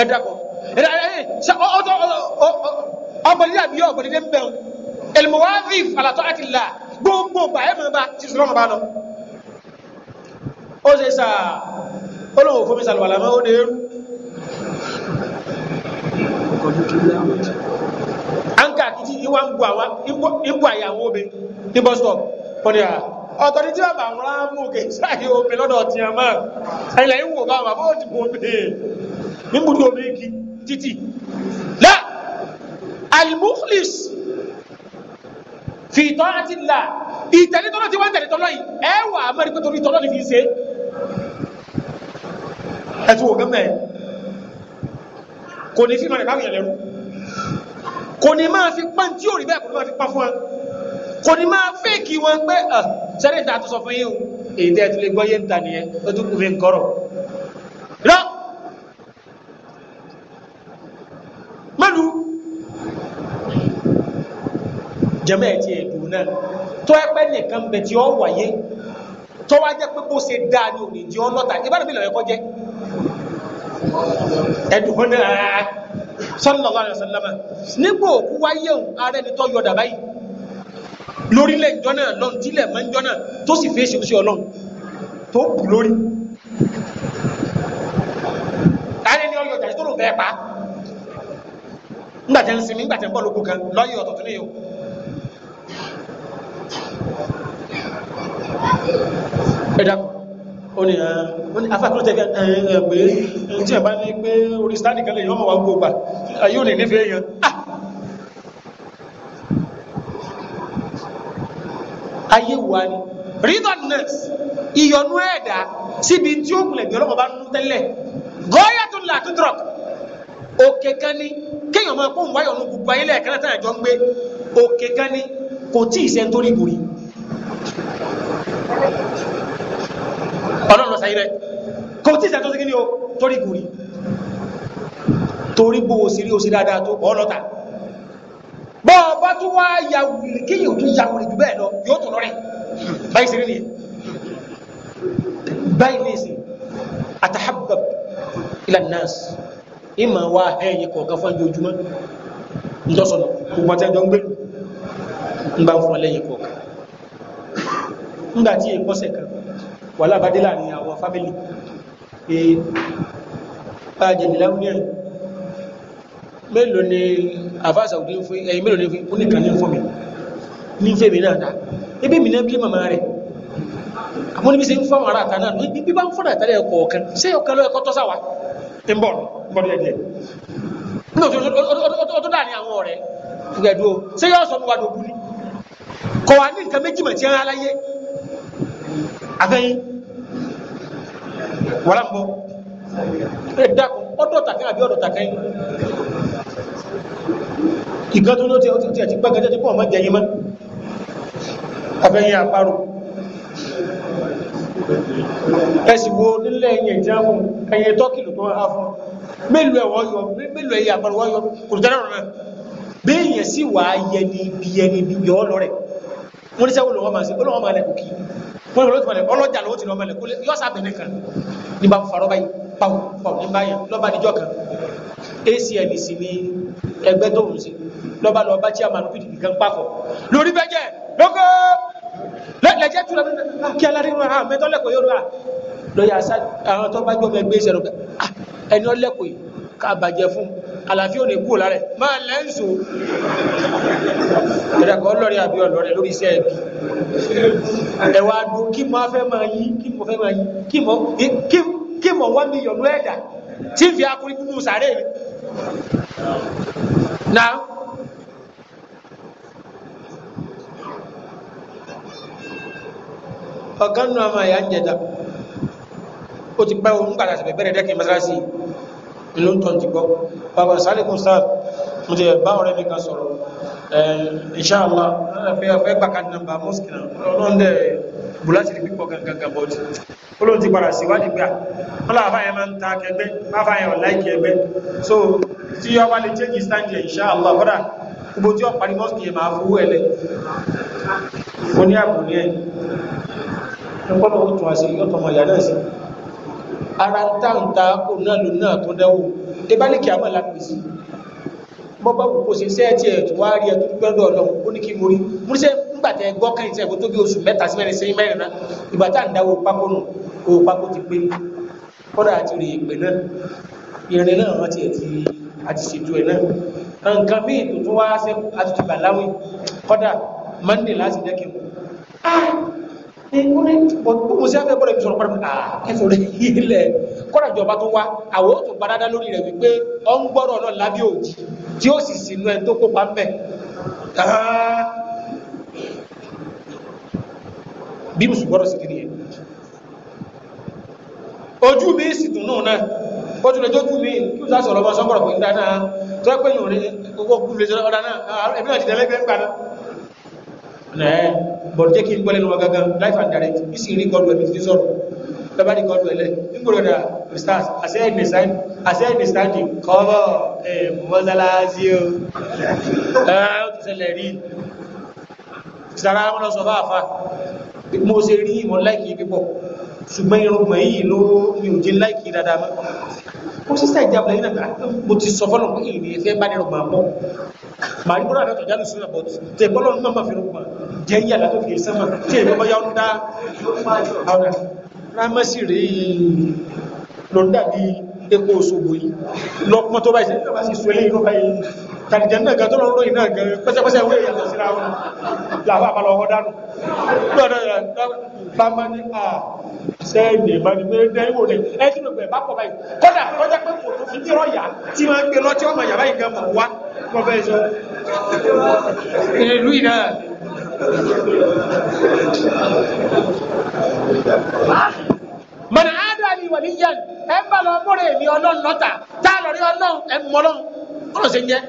ẹ̀dàkọ̀ ọgbọ̀dídà bí ọgbọ̀dídà ń bẹ̀rún elmowavif alatọ́ àti là gbogbo bà ẹ̀ mọ̀ bá ti sọ́rọ̀ mọ̀ bá lọ ó ṣe sà olóhùn fún mi sàlùwàlà mọ́ ó ní eru anka kìtì ìwà ń bu àyàwó obìnrin ní bus stop ọdí ọ̀tọ̀ ní tí bàbá àwọn aráàmùkè sáàyè omi lọ́dọ̀ ti àmà ilẹ̀ ìwò bá wà bóòdì bó bèè nígbùdó omi igi títì lá almuflis fi ìtọ́ àti là ìtẹ̀lítọ́lọ́ ti wá tẹ̀lítọ́lọ́ yìí ẹwà amẹ́ríkà torí tọ́lọ́ ní fi ṣe ẹ̀tù ògán mẹ́ kò ní fi mọ̀ rẹ̀ báwọn yẹn lẹ́rú kò ní máa fi pán tí ò rí bẹ́ẹ̀ kò ní máa fi pán fún ẹ kò ní máa fẹ́ẹ̀kì wọn pé sẹ́rẹ̀ ìta tó sọ fún yín o èyí tẹ́ ẹ tún lè gbọ́ yé ń ta nìyẹn ó tún kù fi ń kọ́rọ̀ lọ mẹ́lu jẹ́mọ́ ẹ̀ ti ẹ̀dùn náà tó ẹpẹ́ nìkan bẹ̀ tí ó wáyé tó wá jẹ́ pé bó ṣe dáa ní òní jẹ́ ọlọ́ta ìbára mi lọ́yẹ̀kọ́ jẹ́ ẹ̀dùn náà sallallahu alaihi wasallam nígbò òkú wáyé òun ara tó yọ dàbáyìí lórílẹ̀ ìjọ náà lọ́n tílẹ̀ mọ́ ìjọ náà tó sì fèsì sí ọlọ́run tó kù lórí tààrí ní ọyọ̀ jàrí tó lò fẹ́ pa ńgbàtẹ̀ ń sinmi ńgbàtẹ̀ ń bọ́ lókù kan lọ́yọ̀ ọ̀tọ̀tún ní yóò ẹ̀dá ó ní afákúrú tẹ́fẹ́ ẹ̀ẹ́ pé eh, tí ẹ̀ bá ní pé orí stáàdì kan lè yọ́ mọ̀ wá gbogbo àyíò ní nífẹ̀ẹ́ ah ayé wa ni ridonness ìyọnu ẹ̀dá síbi tí ó kulẹ̀ bí ọlọ́mọ bá nú tẹ́lẹ̀ gọ́yà tó là tó drọ̀k òkè kan ni kéèyàn máa kó wáyọ̀ nu gbogbo ayé lẹ́ẹ̀kan náà tẹ́lẹ̀ jọ ń gbé òkè kan ni kò tí ì sẹ́ ń torí ọlọ́run ọ̀sán yìí kò tí ì sẹ́ ń torí torí bó o sì rí o sì dáadáa tó ọlọ́ta bọ́ ọba tó wá ya wùlì kí yóò tún ya wùlì jù bẹ́ẹ̀ lọ yóò tún lọ́rẹ̀ báyìí sí rí nìyẹn báyìí ní ìsìn atahabbab nas ìmọ̀ wa ẹ̀yìn kọ̀ọ̀kan fún ẹjọ́ ojúmọ́ ntọ́sọ̀nà gbogbo àti ẹjọ́ ń gbèlú ń bá ń fún ẹlẹ́yìn kọ̀ọ̀kan ńgbà tí èyí pọ́sẹ̀ kan wà lábádé láàrin àwọn fámìlì pé bá a jẹ̀ nílẹ̀ mélòó ni àfáà Saudi ń fún ẹ̀yìn mélòó ni fún nìkan ní fún mi ní fèmí náà dá ebí mi náà bí màmá rẹ̀ àmọ́ níbi ṣe ń fáwọn ará àtàná bí bá ń fọ́nà àtàlẹ̀ ẹ̀kọ́ ọ̀kan ṣé ọ̀kan lọ ẹ̀kọ́ tọ́ sáwà ń bọ̀ bọ̀ díẹ̀ díẹ̀ ní òtò dà ní àwọn ọ̀rẹ́ ìgbẹ̀dú o ṣé yóò sọ wà lókun ní kọ̀ wà ní nǹkan méjì mọ̀ tí ń aláyé àfẹ́yìn wọ́n lápọ̀ ẹ̀dàkùn ọdọ̀ tàkẹ́ àbí ọdọ̀ tàkẹ́ ìkan tó ló ti ọtí tí àti pẹ́gẹ́jẹ́ tí pọ̀ mọ́ jẹyìn mọ́ afẹ́yìn àparò ẹ̀sìwò nílẹ̀ ẹ̀yìn ìjá fún ẹ̀yìn tọ́kìlù tó wá fún mélòó ẹ̀wọ́ yọ mélòó ẹ̀yìn àparò wá yọ kò jẹ́ rọrùn rẹ̀ bí èèyàn sì wà á yẹ ní ibi ẹni bí yọ ọ lọ rẹ̀ wọ́n ní sẹ́wọ́n lọ́wọ́ máa ṣe olóòwò máa lẹ́kùn kí wọ́n ní olóòtú ọlọ́jà lọ́wọ́ ti lọ́wọ́ máa lẹ́kùn ACNC ní ẹgbẹ́ tó ń ṣe lọ́ba lọ́ba tí a máa nùbí dìbì kan pàfọ́ lórí bẹ́jẹ̀ lọ́kọ́ lẹ́jẹ̀ tura ah, kí aláré rún àwọn mẹ́tọ́ lẹ́kọ̀ọ́ yóò rà ah. lọ́yà àwọn tó bá gbọ́mọ ẹgbẹ́ ìṣẹ̀rọ̀ pé ah, ẹni ọlẹ́kọ̀ọ́ yìí ká bàjẹ́ fún àlàáfíà ò ní kú lára ẹ̀ máa lẹ́ǹsù ìdàkọ̀ ọlọ́rẹ̀ àbí ọlọ́rẹ̀ lórí iṣẹ́ ẹ̀bí ẹ̀wà dùn kí mo fẹ́ máa yí kí mo fẹ́ máa yí kí mo wá mi yọ̀nú ẹ̀dà tí ń fi akuri nínú sàárè mi na ọ̀gá nínú ọmọ ìyá ń jẹta ó ti pẹ́ òun padà sẹ̀bẹ̀ bẹ̀rẹ̀ dẹ́kì mẹ́sàlásì ìlú ń tọ́ ti gbọ́ bàbá sálẹ̀kùn sáà mo ti bá ọ̀rẹ́ mi kan sọ̀rọ̀ inṣáàlá fẹ́ gbàkàtí nàmbà mọ́sùkì náà ọlọ́run dẹ̀ bùláti rí pípọ̀ gangan bọ́ọ̀dì olóòtí padà síwádìí pé ọlá àfáyẹ máa ń ta kẹgbẹ́ àfáyẹ ọ̀láìkì ẹgbẹ́ so tí yọ wá lè jẹ́gì stand here inṣáàlá kọ́dà gbogbo tí ó parí mọ́sùkì yẹ máa fowó ẹ̀lẹ́ mo ní àbò ní ẹ̀ ẹgbọ́dọ̀ ó tún àṣẹ yọ́tọ̀mọ̀ ìyá náà sí ara ń ta ń ta kò náà lò náà tó dẹ́wò ebálẹ̀kì àmọ́ lápèsè bọ́bá wù kó ṣe sẹ́ẹ̀tì ẹ̀tù wá rí ẹ̀tù gbọ́dọ̀ lọ ó ní kí mo rí mo ní sẹ́ nígbà tẹ gbọ́ kẹ́yìn tí ẹ̀kọ́ tó bí oṣù mẹ́ta sí mẹ́rin sẹ́yìn mẹ́rin náà ìgbà tá à ń dáwọ́ pákó nù kó pákó ti pé kọ́dà àti rè pè náà ìrìn náà wọ́n ti ẹ̀tì àti ṣètò ẹ̀ náà nǹkan míì tó wá sẹ́ àtúntì bàláwì kọ́dà monday láti dẹ́kẹ̀ mọ́ ah ní kúrẹ́ [laughs] kọ́rọ̀jọba tó wá àwọn òtún gbadada lórí rẹ̀ wípé ọ ń gbọ́rọ̀ náà lábẹ́ òjì tí ó sì sinú ẹ tó kópa ń bẹ̀. bí mùsùlùmọ́rọ̀ sì kiri yẹn ojú mi sì dùn náà náà ó tún lè jójú mi kí ó sá sọ̀rọ̀ ọmọ sọ́kọ̀rọ̀ pé dáadáa tó ẹ pé yòó rí owó lè sọ́kọ̀rọ̀ ọ̀dà náà ẹ̀mí ah, náà ti dẹ́lẹ́gbẹ̀ẹ́ ń gbà náà nẹ́ẹ̀ bọ̀dù jẹ́ kí n gbọ́lẹ́nu wa gangan life and direct ìsìn rí gọ́dù ẹ̀mí ti sọ̀rọ̀ lọ́bàá Ustaz, I said this time, I said this time cover eh, mọ́sálásí o. Ẹ̀rọ eh, ó ti ṣẹlẹ̀ rí. Ìṣàrá wọn lọ sọ bá àfà. Mo ṣe rí ìmọ̀ láìkì pípọ̀. Ṣùgbọ́n irun gbọ̀n yìí ló mi ò jẹ́ láìkì dáadáa mọ́. Mo ṣe sáà ìjàmbá yìí náà ah, mo ti sọ fọ́lọ̀ pé èdè fẹ́ bá nírọ̀ gbọ̀n pọ̀. Màrí bọ́lá àdàtọ̀ jálù sí ọ̀bọ̀ tẹ̀ bọ́lọ̀ náà máa fi rọ̀ gbọ̀n jẹ́ yàrá tó fi sẹ́mọ̀ tí èmi bọ́ yá dá. Rámẹ́sì rèé lọ dàbí epo òṣogbo yìí lọ́pọ̀ tó bá ìṣẹ́ nígbà sí ìṣẹ́lẹ̀ inú bá yìí tàbíjẹ́ náà gan tó lọ rọ́ iná gan pẹ́sẹ̀pẹ́sẹ̀ wé ìyàtọ̀ síra wọn làwọn àbálọ̀ ọ̀họ́ dánù lọ́dọ̀ lámá ní à sẹ́ẹ̀dì bá ní pé ìwò rẹ̀ ẹjú rẹ̀ bá pọ̀ báyìí kọ́dà kọjá pé kò tó fi ní rọ́yà tí máa Ah! wàlí yẹn ẹ bá lọ bóra èmi ọlọ́run lọ́ta tá a lọ rí ọlọ́run ẹ mọ ọlọ́run ọlọ́run ṣe ń jẹ́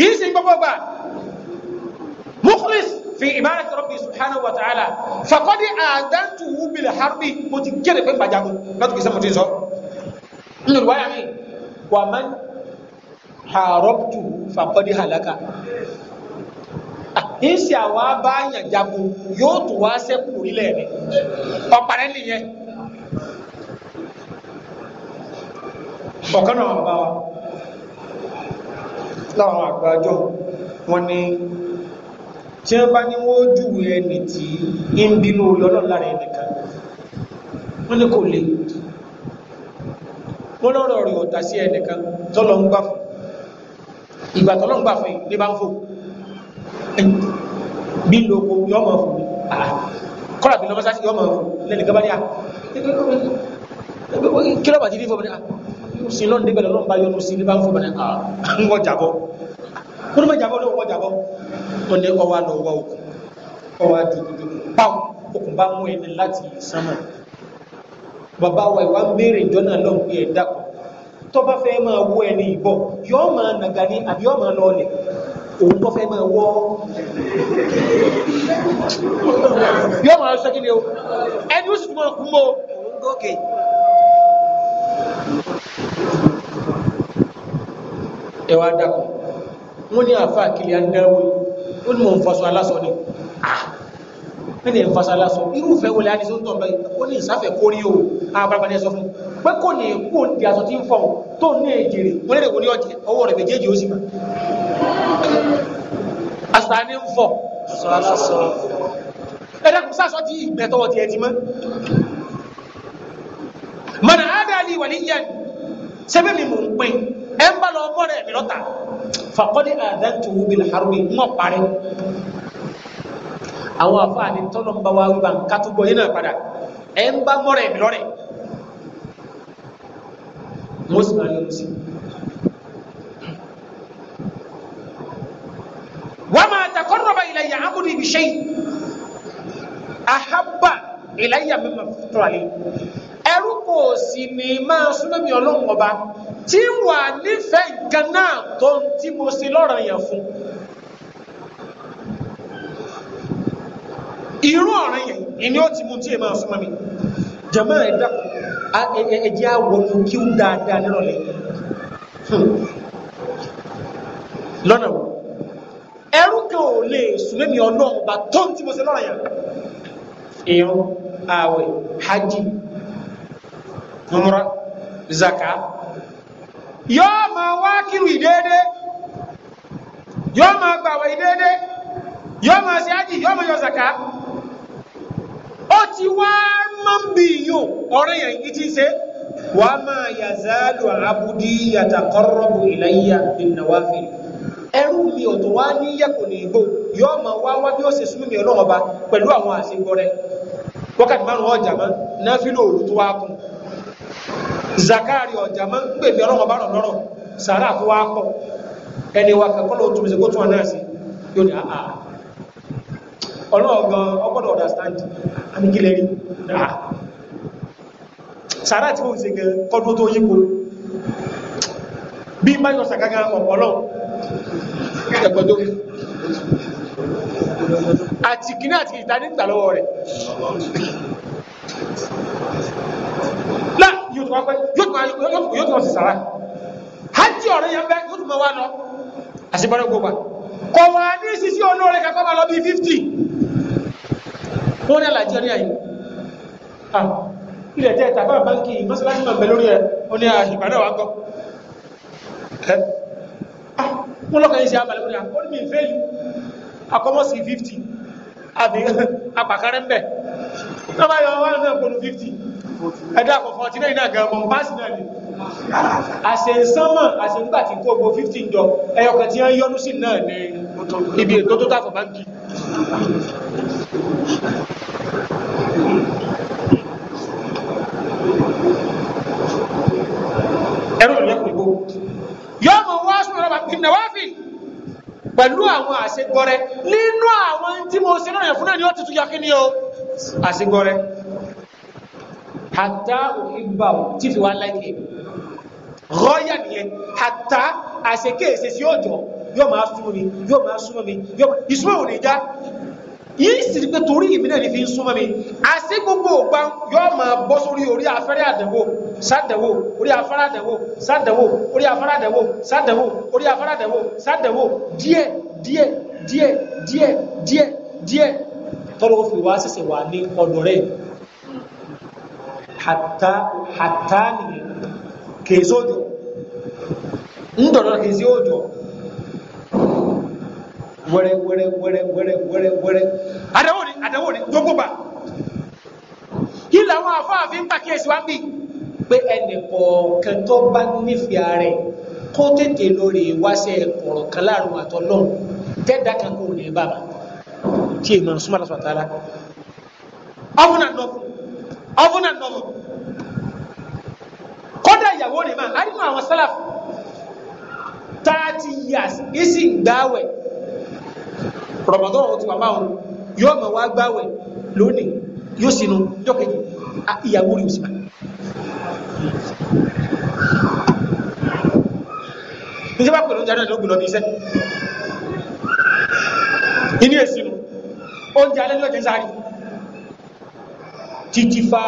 yìí ṣe gbogbo gbà mukhlis fi ibadat rabbi subhanahu wa ta'ala faqad adantuhu bil harbi mo ti gẹ́rẹ̀ pé gbàjago láti fi sẹ́mu ti sọ nínú ìwáyà mi wà á máa harọ́pùtù fàkọ́dí halaka ìsì àwọn abáyàn jagun yóò tún wá sẹ́kù orílẹ̀ rẹ̀ ọ̀pàrẹ́ nìyẹn ọ̀kan náà bá wa láwọn àgbàjọ wọn ni tí wọ́n bá ní wọ́n júwe ẹni tí ń bínú lọ́nà lára ẹnìkan wọ́n ní kò lè wọ́n lọ́rọ̀ rí ọ̀tà sí ẹnìkan tọ́lọ ń gbà fún ìgbà tọ́lọ ń gbà fún ní bá ń fò bí lóko yọ́ mọ̀ fún kọ́lá bí lọ́mọ́sá sí yọ́ mọ̀ fún lẹ́nìkan bá ní à kí lọ́bàá ti rí fún sí lọ́nà débẹ̀rẹ̀ lọ́nà bá yọnu sí ní bá ń fún mẹ́rin àwọn jàbọ́ kúrò mẹ́ jàbọ́ lóòwọ́ jàbọ́ tó ní ọwá lọ wá okùn ọwá dùdùdù pàwọn okùn bá mú ẹni láti sánmà bàbá wa ìwà ń béèrè ìjọ́nà lọ́n pé ẹ̀dá tó bá fẹ́ máa wó ẹni ìbọ̀ yóò máa nàgà ní àbí yóò lọ ọlẹ̀ òun tó fẹ́ máa wọ́ yóò máa ṣe kí ni o ẹni ó sì túnmọ̀ kú mọ́ òun gòkè ẹ wá dákọ̀ wọ́n ní àfà kìlì anáwó ó ní mò ń fasọ aláṣọ ni ah! ní ní ìfasọ aláṣọ irúfẹ́ wọlé adé tó ń ó ní ìsáfẹ́ kórí o àbábá ní ẹsọ fún pé kò ní kú òǹdí aṣọ tí ń fọ̀ tó ní èjèrè wọ́n lè wọ́n ní ọjẹ́ ọwọ́ rẹ̀ méjèèjì ó sì mà àṣà ní ń fọ̀ ẹ̀dá kò sáṣọ tí ìgbẹ́ tọwọ́ ti ẹ ti mọ́ mọ̀nà ádá lè wà níyàn ẹ ń bá lọ bọ́ rẹ̀ mi lọ́ta fàkọ́dé àdáńtò wúbi làárùbí mọ̀ parí àwọn àfáàní tọ́lọ̀ ń bá wá wíwá nǹkan tó gbọ́ yín náà padà ẹ mọ́rẹ̀ mi lọ́rẹ̀ mo sì sí. wọ́n máa taqarraba ilayya abudi bi shay ahabba ilayya mimma fitra alayhi arúgbó sì ní máa súnmọ́mí ọlọ́run ọba tí wà nífẹ̀ẹ́ nǹkan náà tó ń tí mo ṣe lọ́rọ̀ yẹn fún irú ọ̀rọ̀ yẹn ìní ó ti mú tí è máa súnmọ́mí jẹ̀mọ́ ẹ̀dá ẹ̀jẹ̀ àwọnú kí ó dáadáa nírọ̀lẹ́ hmm. lọ́nà wọn ẹrú kan ò lè súnmọ́mí ọlọ́run ọba tó ń tí mo ṣe lọ́rọ̀ yẹn èèyàn ààwẹ̀ hajj umra zaka yóò máa wá kírù ìdéédé yóò máa gbàwẹ̀ ìdéédé yóò máa ṣe ájì yóò máa yọ zaka ó ti wá máa ń bí yóò ọ̀rẹ́ yẹn kí ti ṣe wà máa yà záàlù àbúdí yàtàkọ́rọ̀bù ìlàyà ìnàwáfẹ́ ẹrú mi ọ̀tọ̀ wá ní yẹ̀kùn ní ìgbò yóò máa wá wá bí ó ṣe súnmí ọlọ́ọ̀ba pẹ̀lú àwọn àṣegbọ́rẹ́ wákàtí márùn-ún ọjà mọ́ náà fílò òru tó wá kún zakari ọjà máa ń pè mí ọlọ́wọ́ bá rọ̀ lọ́rọ̀ sàrà kó wá pọ̀ ẹni wa kẹ́kọ́ lóòtú mi sí kó tún wọn náà sí yóò ní àà ọlọ́wọ́ gan ọgbọ́dọ̀ understand amígílẹ̀ rí àà sàrà tí wọ́n ń ṣe gan kọ́dún tó yípo bí bá yọ sàkágá ọ̀pọ̀lọ́ ẹgbẹ̀dọ́ àti kìíní àti ìta ní ìtàlọ́wọ́ rẹ̀ yóò tó wá pẹ́ yóò tó wá sí sàrá hajj ọ̀rẹ́ yẹn bẹ́ yóò tó mọ wá lọ àṣìbọ́rẹ́ gbogbo kọ wà ní sísí olóore kẹ́kọ́ bá lọ bí 50 wọ́n ní àlàjẹ́ rí àyè ilẹ̀ tẹ́ tàbí àbáǹkì mọ́sálásí máa bẹ̀ lórí ẹ̀ ó ní àṣìbà náà wá gbọ́ wọ́n lọ́kàn yìí sí àbàlẹ̀ lórí àkọ́ ní ìfẹ́ yìí akọ́mọ́ sí 50 àbí apàkárẹ́ ń bẹ̀ náà bá yọ wá náà kò ní 50 ẹ̀dá kọ̀ 49 náà gan mọ̀ pàṣì náà ni àṣẹ ìsánmọ̀ àṣẹ nígbà tí kó gbogbo 15 jọ ẹyọkàn tí wọ́n yọ́nú sí náà ní ibi ètò tó tàfọ̀ báńkì ẹ̀rọ ìlẹ́kùn ìgbó yọ́ mọ̀ wá sọ́rọ̀ bàbí pẹ̀lú àwọn àṣegbọ́rẹ nínú àwọn tí mo ṣe náà fún náà ni ó ti tún yakí ní o àṣegbọ́rẹ hàtà òhìbà ò tí fi like him. rọ́yà nìyẹn hàtà àṣekéèṣe sí òjò yóò máa súnmọ́ mi yóò máa súnmọ́ mi yóò máa ìsúnmọ́ ò ní já yìí sì rí pé torí ìmínà ní fi ń súnmọ́ mi àṣẹ gbogbo ògbà yóò máa bọ́ sórí orí afẹ́rẹ́ àdẹ̀wò sádẹ̀wò orí afẹ́rẹ́ àdẹ̀wò sádẹ̀wò orí afẹ́rẹ́ àdẹ̀wò sádẹ̀wò orí afẹ́rẹ́ àdẹ̀wò sádẹ̀wò díẹ̀ díẹ̀ díẹ̀ díẹ̀ díẹ̀ díẹ̀ tọ́lọ́ fi wá ṣẹ̀ṣẹ̀ wà ní ọ̀dọ̀ rẹ̀ hatta hatta nìyẹn kèé sójò ń dọ̀dọ̀ kèé sí òjò wẹ́rẹ́ wẹ́rẹ́ wẹ́rẹ́ wẹ́rẹ́ wẹ́rẹ́ wẹ́rẹ́ àdẹ́wò ni àdẹ́wò ni tó gbogbo kí làwọn afáàfin ń pàkíyèsí wá bí pé ẹnì kọ̀ọ̀kan tó bá nífẹ̀ẹ́ rẹ̀ kó tètè lórí wáṣẹ ọ̀rọ̀ kan láàrin àtọ́lọ́hùn tẹ́dá kan kò ní bàbá tí èèmọ̀ súnmọ́ lọ́sọ̀tà rà ọmọ náà lọ́kùnrin ọ̀fun and novel kódà ìyàwó rẹ̀ máa arínú àwọn sálàf thirty years ìsì gbáwẹ̀ rọ̀mọ̀dọ́ ọ̀hún ti wà máa wọn yóò mọ̀ wá gbáwẹ̀ lónìí yóò sínú jọ́kẹ́jì ìyàwó rẹ̀ òsì máa ní sábà pẹ̀lú oúnjẹ náà ló gbìnà bí iṣẹ́ inú èsì oúnjẹ alẹ́ lọ́jẹ́ sáré títí fa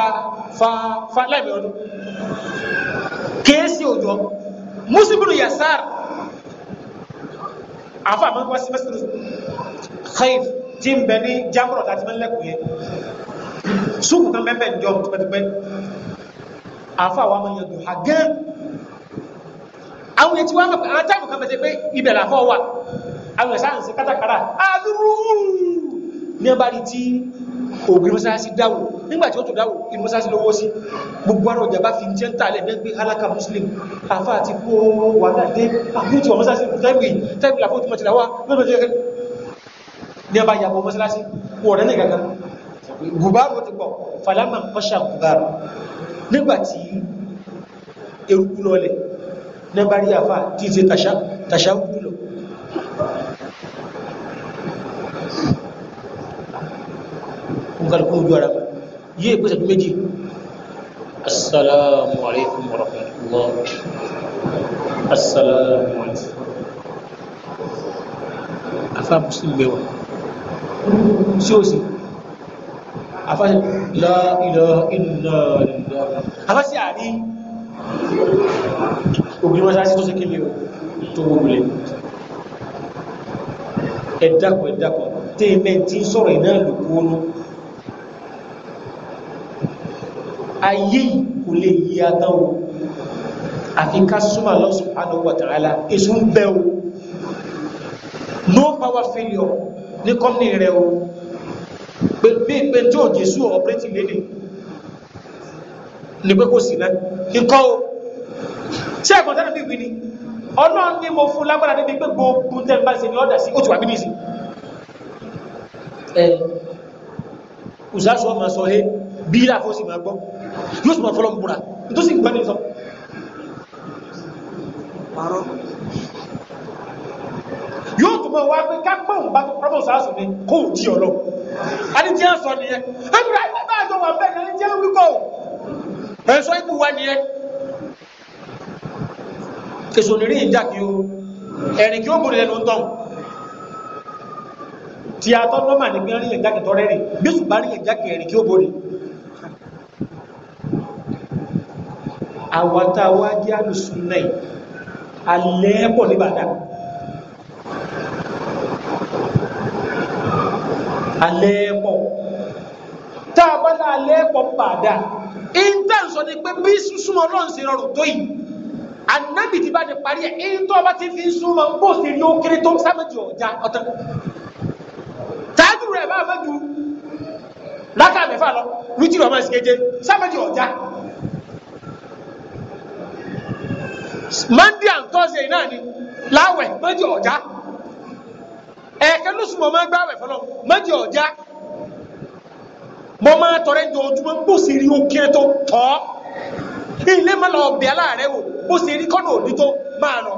fa fa lẹ́mìí ọdún kéésì òjò mùsùlùmí yasar àfa àmọ́ wá sí mẹ́sìlú xeyif tí ń bẹ ní jamurọ̀ tàbí mẹ́lẹ́kùn yẹn sùkùn kan bẹ́ẹ̀ bẹ́ẹ̀ ń jọ tipẹ́tipẹ́ àfa àwọn ọmọ yẹn dùn ha gẹ́ẹ́ àwọn etí wọn mọ̀ àwọn táìmù kan bẹ̀sẹ̀ pé ibẹ̀ làfọ́ wà àwọn ẹ̀sán sí kátàkárà àdúrú ní ẹbá tí ògiri mọ́sálásí dáwò nígbàtí ó tó dáwò inú mọ́sálásí lówó sí gbogbo ara ọjà bá fi jẹ́ ń tààlẹ̀ mẹ́gbẹ́ alaka muslim afá àti kó wà náà dé àpótí wà mọ́sálásí tẹ́gbì tẹ́gbì àpótí mọ́tí láwá lọ́dọ̀dọ̀ ní ọba ìyàwó mọ́sálásí wọ̀ rẹ̀ nìkankan gùbárò ti pọ̀ falama kọ́ṣà gùbárò nígbàtí eruku lọlẹ̀ nẹ́bàrí àfá tí ì ṣe tàṣà gùlọ̀ kálukú ojú ara yí èpè sẹ́kú méjì assalamu alaikum wa assalamu alaikum afa muslim bẹ̀wà sí ó sì afa la ilaha illa afa sí àrí obìnrin wọn sáà sí tó sì kéle tó wọ́n ẹ̀dàkọ̀ ẹ̀dàkọ̀ tí ẹ̀mẹ́ tí sọ̀rọ̀ ìná lòkú oòrùn ayé kò lè yí atá o àfi ká súnmọ́ Allah subhanahu wa ta'ala èso ń bẹ́ o no power failure ní kọ́mìnì rẹ o pé tí ò jésù ọ̀pẹ́tì lédè ní pé kò sí náà ikọ́ o ṣe ẹ̀kọ́ tẹ́lẹ̀ bíbí ni ọ̀nà ní mo fún lágbára níbi pé gbogbo tẹ́lẹ̀ bá ṣe ní ọ̀dà bí nìsí ma gbọ́ yóò sì máa fọ́lọ́ búra tó sì gbẹ́ni sọ yóò tún mọ̀ wá pé kápọ̀ bá tó pọ́pọ̀ sáàsù ní kó jí ọlọ́ adé tí a sọ nìyẹn ẹgbẹ̀rẹ̀ àìsàbà àjọ wà bẹ́ẹ̀ ní jẹ́ wípọ̀ ẹ̀sọ́ ipò wá nìyẹn èso nìrí ìjà kí o ẹ̀rìn kí ó múrẹ̀ lẹ́nu tán tí a tọ́ lọ́mà ní gbẹ́rin ìjákẹ̀tọ́ rẹ̀ rẹ̀ bí ó sì bá rí ìjákẹ̀ ẹ̀rìn kí ó bóri àwàtà wá jẹ́ àlùsùn náà alẹ́ẹ̀pọ̀ níbàdà alẹ́ẹ̀pọ̀ tá a bá náà alẹ́ẹ̀pọ̀ bàdà intanso ni pé bí súnmọ́ ọlọ́run sí rọrùn tó yìí anábì ti bá ní parí ẹ̀ in tó ọba ti fi súnmọ́ ń bò sí ní ó kéré tó sáméjì ọ̀já ọ̀tán tájú rẹ̀ bá fẹ́ ju látàmẹ́fà lọ lùtìrì ọmọ ìsìnkéje sáméjì Monday and Thursday náà ni láwẹ̀ méjì ọ̀já ẹ̀ẹ̀kẹ́ lóṣù mọ̀ máa gbáwẹ̀ fọlọ́ méjì ọ̀já mọ̀ máa tọrẹ jọ ojúmọ́ bó sì rí òkè tó tọ́ ilé máa lọ ọbẹ̀ aláàrẹ̀ wò bó sì rí kọ́nà òní tó máa lọ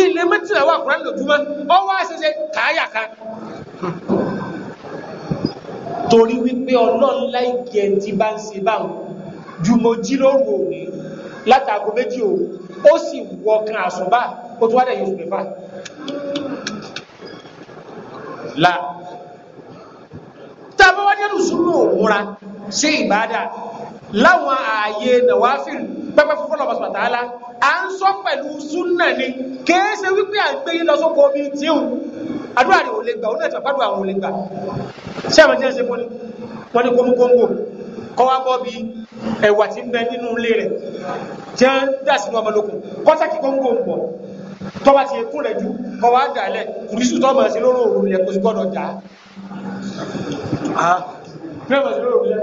ilé mẹ́tìlá wà kúrán lójúmọ́ ọwọ́ àṣẹṣe káyà kan torí wípé ọlọ́run láì jẹ ti bá ń ṣe báwọn jùmọ̀ jí lóru òní látàgò méjì o ó sì wọ kan àsùnbà ó tún wádẹ̀ yóò mẹ́fà la tàbí wọ́n nínú súnmọ́ òmúra sí ìbádà láwọn ààyè nàwáfíìlì pẹ́pẹ́ fúnfún lọ́pọ̀ sọ̀tàálá a ń sọ pẹ̀lú súnà ni kéése wípé àgbé yí lọ́sọ́kọ̀ omi tíhùn àdúrà rẹ̀ ò lè gbà ó náà tàbádùn àwọn ò gbà sí àmà jẹ́ ṣe fún ni wọ́n ní kómú kóńgò kọ́wá bọ́ bí ẹ̀wà tí ń bẹ nínú ilé rẹ̀ jẹ́ dásínú ọmọlókun kọ́sákì kọ́ńgò ń bọ̀ tọ́ba ti kún rẹ̀ jù kọ́ wá dàlẹ̀ kùrìsù tọ́mọ̀ sí lóró òru yẹ kò sí gbọ́dọ̀ jà á mẹ́wàá sí lóró yẹ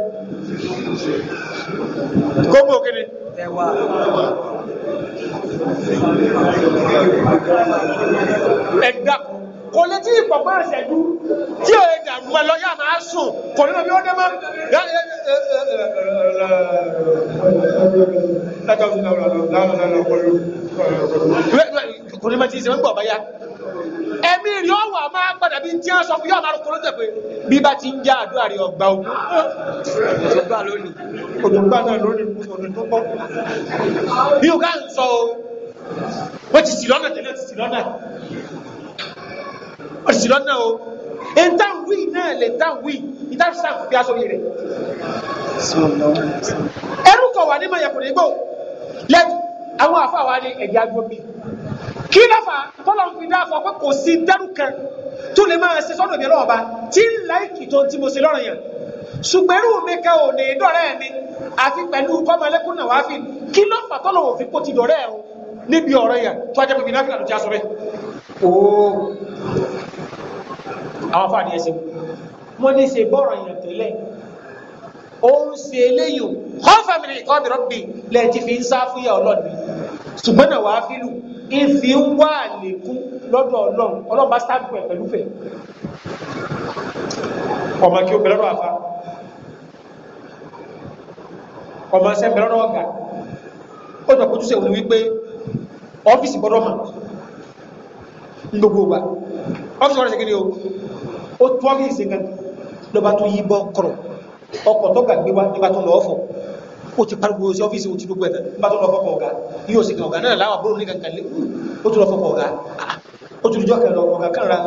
kóńgò kí ni ẹwà ẹgbàkùn kò lè tí ìpọ̀pọ̀ ìṣẹ́jú tí ò lè dàrú ẹ lọ́yà máa sùn kò nínú bí ó dé mọ́. kò ní ma ti ṣe wọ́n gbọ́ ọ̀bá yá. ẹ̀mí rí ọ̀wà máa padà bí tí wọ́n sọ fún yóò máa kó ló tẹ̀ pé bí bá ti ń já àdúrà rí ọgbà o. òdògbà lónìí òdògbà náà lónìí òdògbà pọ̀. bí o ká ń sọ o wọ́n ti sì lọ́nà tẹ́lẹ̀ ti sì lọ́nà òsì lọ́nà o ìtàwí náà lè tàwí ìtàṣà fi aṣọ yìí rẹ̀ ẹrù kọ̀ wà ní mayẹ̀kùnrin gbò lẹ́tù àwọn àfa wa ní ẹ̀dí agbóbi kí lọ́fà tọ́lọ̀ ń fi dáàfọ́ pé kò sí dẹ́rù kan tó lè máa ṣe sọ́dọ̀ mi lọ́wọ́ bá tí ń láìkì tó ti mo ṣe lọ́rọ̀ yẹn ṣùgbọ́n irú mi kan ò ní dọ̀rẹ́ mi àfi pẹ̀lú kọ́mọlẹ́kùn náà wá fi kí lọ́fà tọ́lọ̀ òfin kò ti dọ̀rẹ́ o níbi ọ̀rọ̀ yẹn tó ajẹ́ pẹ̀lú náà fi lànà jẹ́ aṣọ rẹ̀ àwọn fàdí ẹsẹ̀ wọ́n ní ṣe bọ́ọ̀rọ̀ èèyàn tẹ́lẹ̀ ó ń ṣe eléyìí hàn fàmìlì ìkọ́bì rọ́bì lẹ́ẹ̀tì fi ń sá fúyà ọlọ́ọ̀ni ṣùgbọ́n náà wàá fílù ìfi ń wá àlékún lọ́dọ̀ ọlọ́run ọlọ́run bá sáàbù ẹ̀ pẹ̀lú fẹ̀ ọmọ kí o bẹ̀rẹ̀ lọ́dọ̀ àfa ọmọ ẹsẹ̀ bẹ̀rẹ̀ lọ́dọ̀ ọ̀gá ó jọ kó túnṣe òun wípé ọ́fíìsì gbọ́dọ̀ mọ̀ ní gbogbo ìgbà ọ́fíìsì gbọ́dọ̀ ṣe kí ni o ó tọ́rí ìsinkan lọba tó yí bọ́ kọ̀rọ̀ ọkọ̀ tó gbàgbé wá nígbà tó lọ́ọ́ fọ̀ ó ti pariwo sí ọ́fíìsì ó ti dúpọ̀ ẹ̀fẹ̀ nígbà tó lọ́ọ́ fọ́kọ̀ ọ̀gá yóò sì kan ọ̀gá náà láwọn àbúrò ní kankan lé ó tún lọ́ọ́ fọ́kọ̀ ọ̀gá ó tún jọ́ kẹrọ ọ̀gá kànra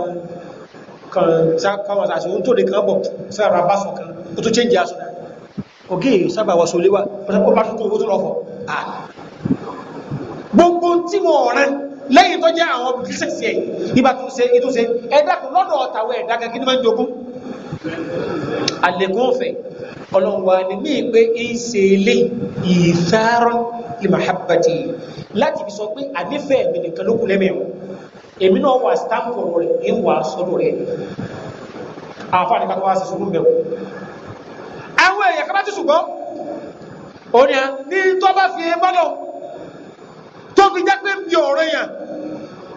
kan sáwọn àṣọ tó lè kan bọ̀ sára ó tún chéńjì aṣọ ọ̀gá èyí lẹ́yìn tó jẹ́ àwọn kìrìsìtì ẹ̀ ìbá tó ṣe ètò ṣe ẹ̀dàkùn lọ́dọ̀ ọ̀tàwọ̀ ẹ̀dàkẹ́ kí ní máa ń jogún àlẹ́kùn ọ̀fẹ́ ọlọ́wà ní mí pé ń ṣe ilé ìfẹ́rọ ìmàhábàtì láti fi sọ pé ànífẹ́ mi nìkan ló kù lẹ́mẹ̀ọ́ èmi náà wà stampo rẹ̀ ń wà sọ́dọ̀ rẹ̀ àfáàní ká tó wá sí ṣùgbọ́n bẹ̀rù àwọn èèyàn kábàtì ṣùgbọ́n òní à ní tó bá fi bọ́lọ̀ tó fi jẹ́ pé bí ọ̀rọ̀ yẹn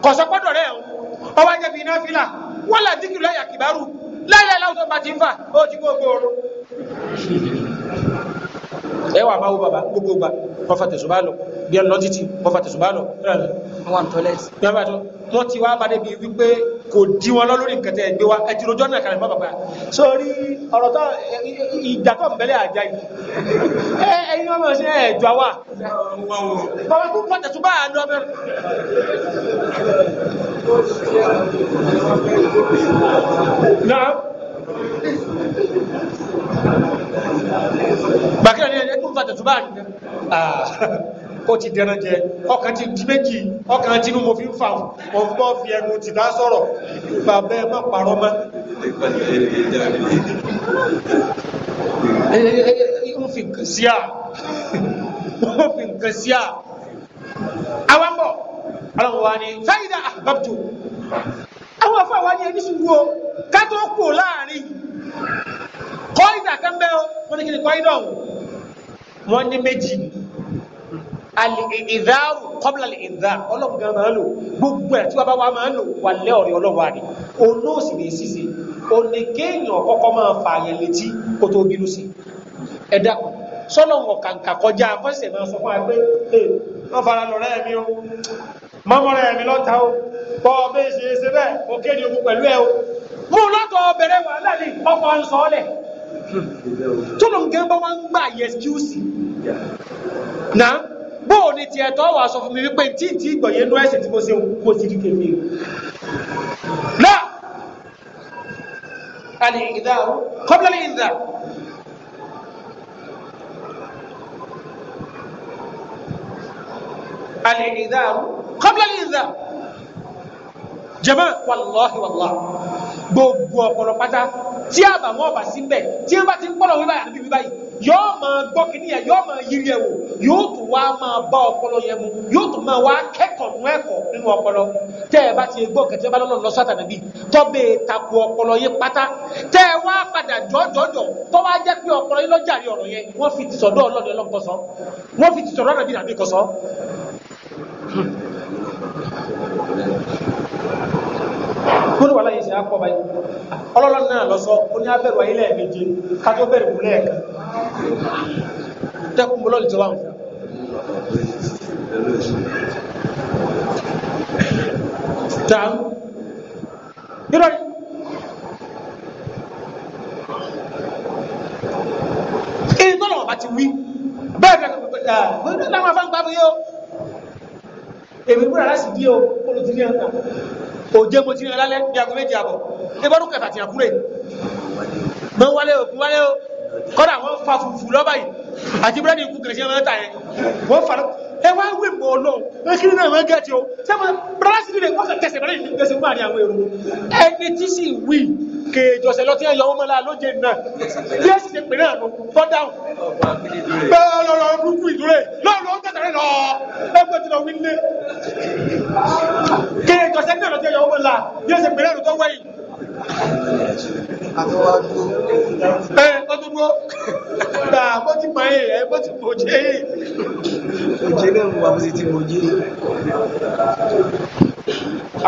kọ̀sọ́pọ̀dọ̀ rẹ̀ ọba jẹ́ bí náfìlà wọ́n là díkì lọ́yà kìbárù láyà láwùjọ bá ti ń fà ó ti gbogbo ọ̀rọ̀ ẹwà máa wó bàbá gbogbo gbà wọ́n fa tẹ̀sùbá lọ bí ọ lọ títí wọ́n fa tẹ̀sùbá lọ wọ́n ti wá padà bí wípé kò dí wọn lọ lórí nǹkan tẹ́ ẹgbẹ́ wa ẹ ti rojọ́ náà kalẹ̀ bàbá sórí ọ̀rọ̀ tó ìjà tó ń bẹ̀lẹ̀ àjá yìí ẹ̀yin ọmọ ṣe ẹ̀jọ́ wa bàbá tó wọ́n tẹ̀sùbá àádọ́ mẹ́rin náà bàkẹ́rẹ́ ní ẹni ẹkùn fàtẹ̀tù bá nìkan ó ti dẹran jẹ ọkàn ti di méjì ọkàn tí mo fi ń fà wọn bọ́ fi ẹnu ti bá sọ̀rọ̀ bàbẹ́ má parọ́ mọ́ ń fi nǹkan sí à ń fi nǹkan sí à àwọn ń bọ̀ ọlọ́run wa ni fáyidà àbábùtò àwọn afọ àwa ni ẹni sùn wo ká tó kù láàrin kọ́ ìdàkẹ́ mbẹ́ o wọ́n ní kí ni kọ́ídọ̀ wọ́n ní méjì alìdáàrù kọ́bla alìdá ọlọ́run gan máa ń lò gbogbo ẹ̀ tí wọ́n bá wá máa ń lò wà lẹ́ ọ̀rẹ́ ọlọ́wà ni òun ó sì ní ṣíṣe òní kéèyàn kọ́kọ́ máa fa àyàn létí kó tó bínú sí ẹ dákun sọ́nà ọ̀kàǹkà kọjá fọ́sẹ̀ máa sọ fún wa pé wọ́n fara lọ rẹ́ mi o mọ́mọ́ rẹ̀ mi lọ́ta o bọ́ bẹ́ẹ̀ ṣe é ṣe bẹ́ẹ̀ òkè ni ogun pẹ̀lú ẹ o mú lọ́tọ̀ ọbẹ̀rẹ̀ wàhálà ní ọkọ̀ ń sọ ọ́lẹ̀ tọ́lọ̀ nǹkan bá wọ́n ń gbà yẹ ẹ́skúùsì náà bóò ni tiẹ̀ tọ́ wà sọ fún mi wípé tí tí gbọ̀nyẹ́ nú ẹ̀sìn tí mo ṣe mo ti dìkẹ̀ mi náà alìdáwó kọ́bílá alìdá alìdá kọ́bílá alìdá jàmáà wàlláhi wàlláhi gbogbo ọ̀pọ̀lọpátá tí àbàwọ́n ọ̀bà sí bẹ̀ tí wọ́n bá ti ń pọ̀lọ̀ wíwá àbí wíwá yìí yóò máa gbọ́ kìíní yẹn yóò máa yiri ẹ̀ wò yóò tún wá máa bá ọpọlọ yẹn mu yóò tún máa wá kẹ́kọ̀ọ́ nú ẹ̀kọ́ nínú ọpọlọ tẹ́ ẹ bá ti gbọ́ kẹtẹ́ bá lọ́nà lọ́sàtà nàbí tọ́bẹ̀ takò ọpọlọ yẹn pátá tẹ́ ẹ wá padà jọ́jọ́jọ́ tó wá jẹ́ pé ọpọlọ yẹn lọ́jàre ọ̀rọ̀ yẹn wọ́n fi ti sọ̀dọ̀ wọ́n ní wà láyé ṣe àpọ̀ báyìí ọlọ́lọ́n náà lọ sọ ó ní abẹ́rù ayé lẹ́ẹ̀mejì ká tó bẹ̀rù lẹ́ẹ̀kan dẹ́kun bọ́lọ́ lè tó wà tàn irọ́ èyí tọ́lọ̀ ọ̀bá ti wí bẹ́ẹ̀ bẹ́ẹ̀ láwọn afẹ́ ń gbá mi yóò èmi múra láti bí o olùdílé ọ̀tà òjé mo ti rìn lálẹ́ bí aago méjì àbọ̀ ìbọ̀rún kẹfà tìyàkúrè mọ́ wálé o kú wálé o kọ́dà wọ́n fa fùfù lọ́ba yìí àti búrẹ́dì ikú kìrìsìyàn máa ń tà yẹn wọ́n fa ẹ wá wé mọ́ ọlọ́ ekiri náà wọ́n gẹ̀ẹ́tì o sẹ́wọ́n brazil sílẹ̀ wọ́n sọ tẹ̀sẹ̀ bẹ́rẹ̀ yìí tẹ̀sẹ̀ máa rí àwọn èrò ẹni tí sì wí kejọsẹ lọtí ẹ yọwọ́ mọ́lá lóje náà bí ẹ sì ṣe pè náà fọ́dà bẹ́ẹ̀ lọ́lọ́ burúkú ìdúró lọ́lọ́ tẹ̀sẹ̀ lọ ẹgbẹ́ tí lọ wí lé kejọsẹ náà lọtí ẹ yọwọ́ mọ́lá bí ẹ sì pè náà tó wẹ̀yìn ẹ ọ tó dúró gbà bó ti mọ ẹ bó ti mọ jẹ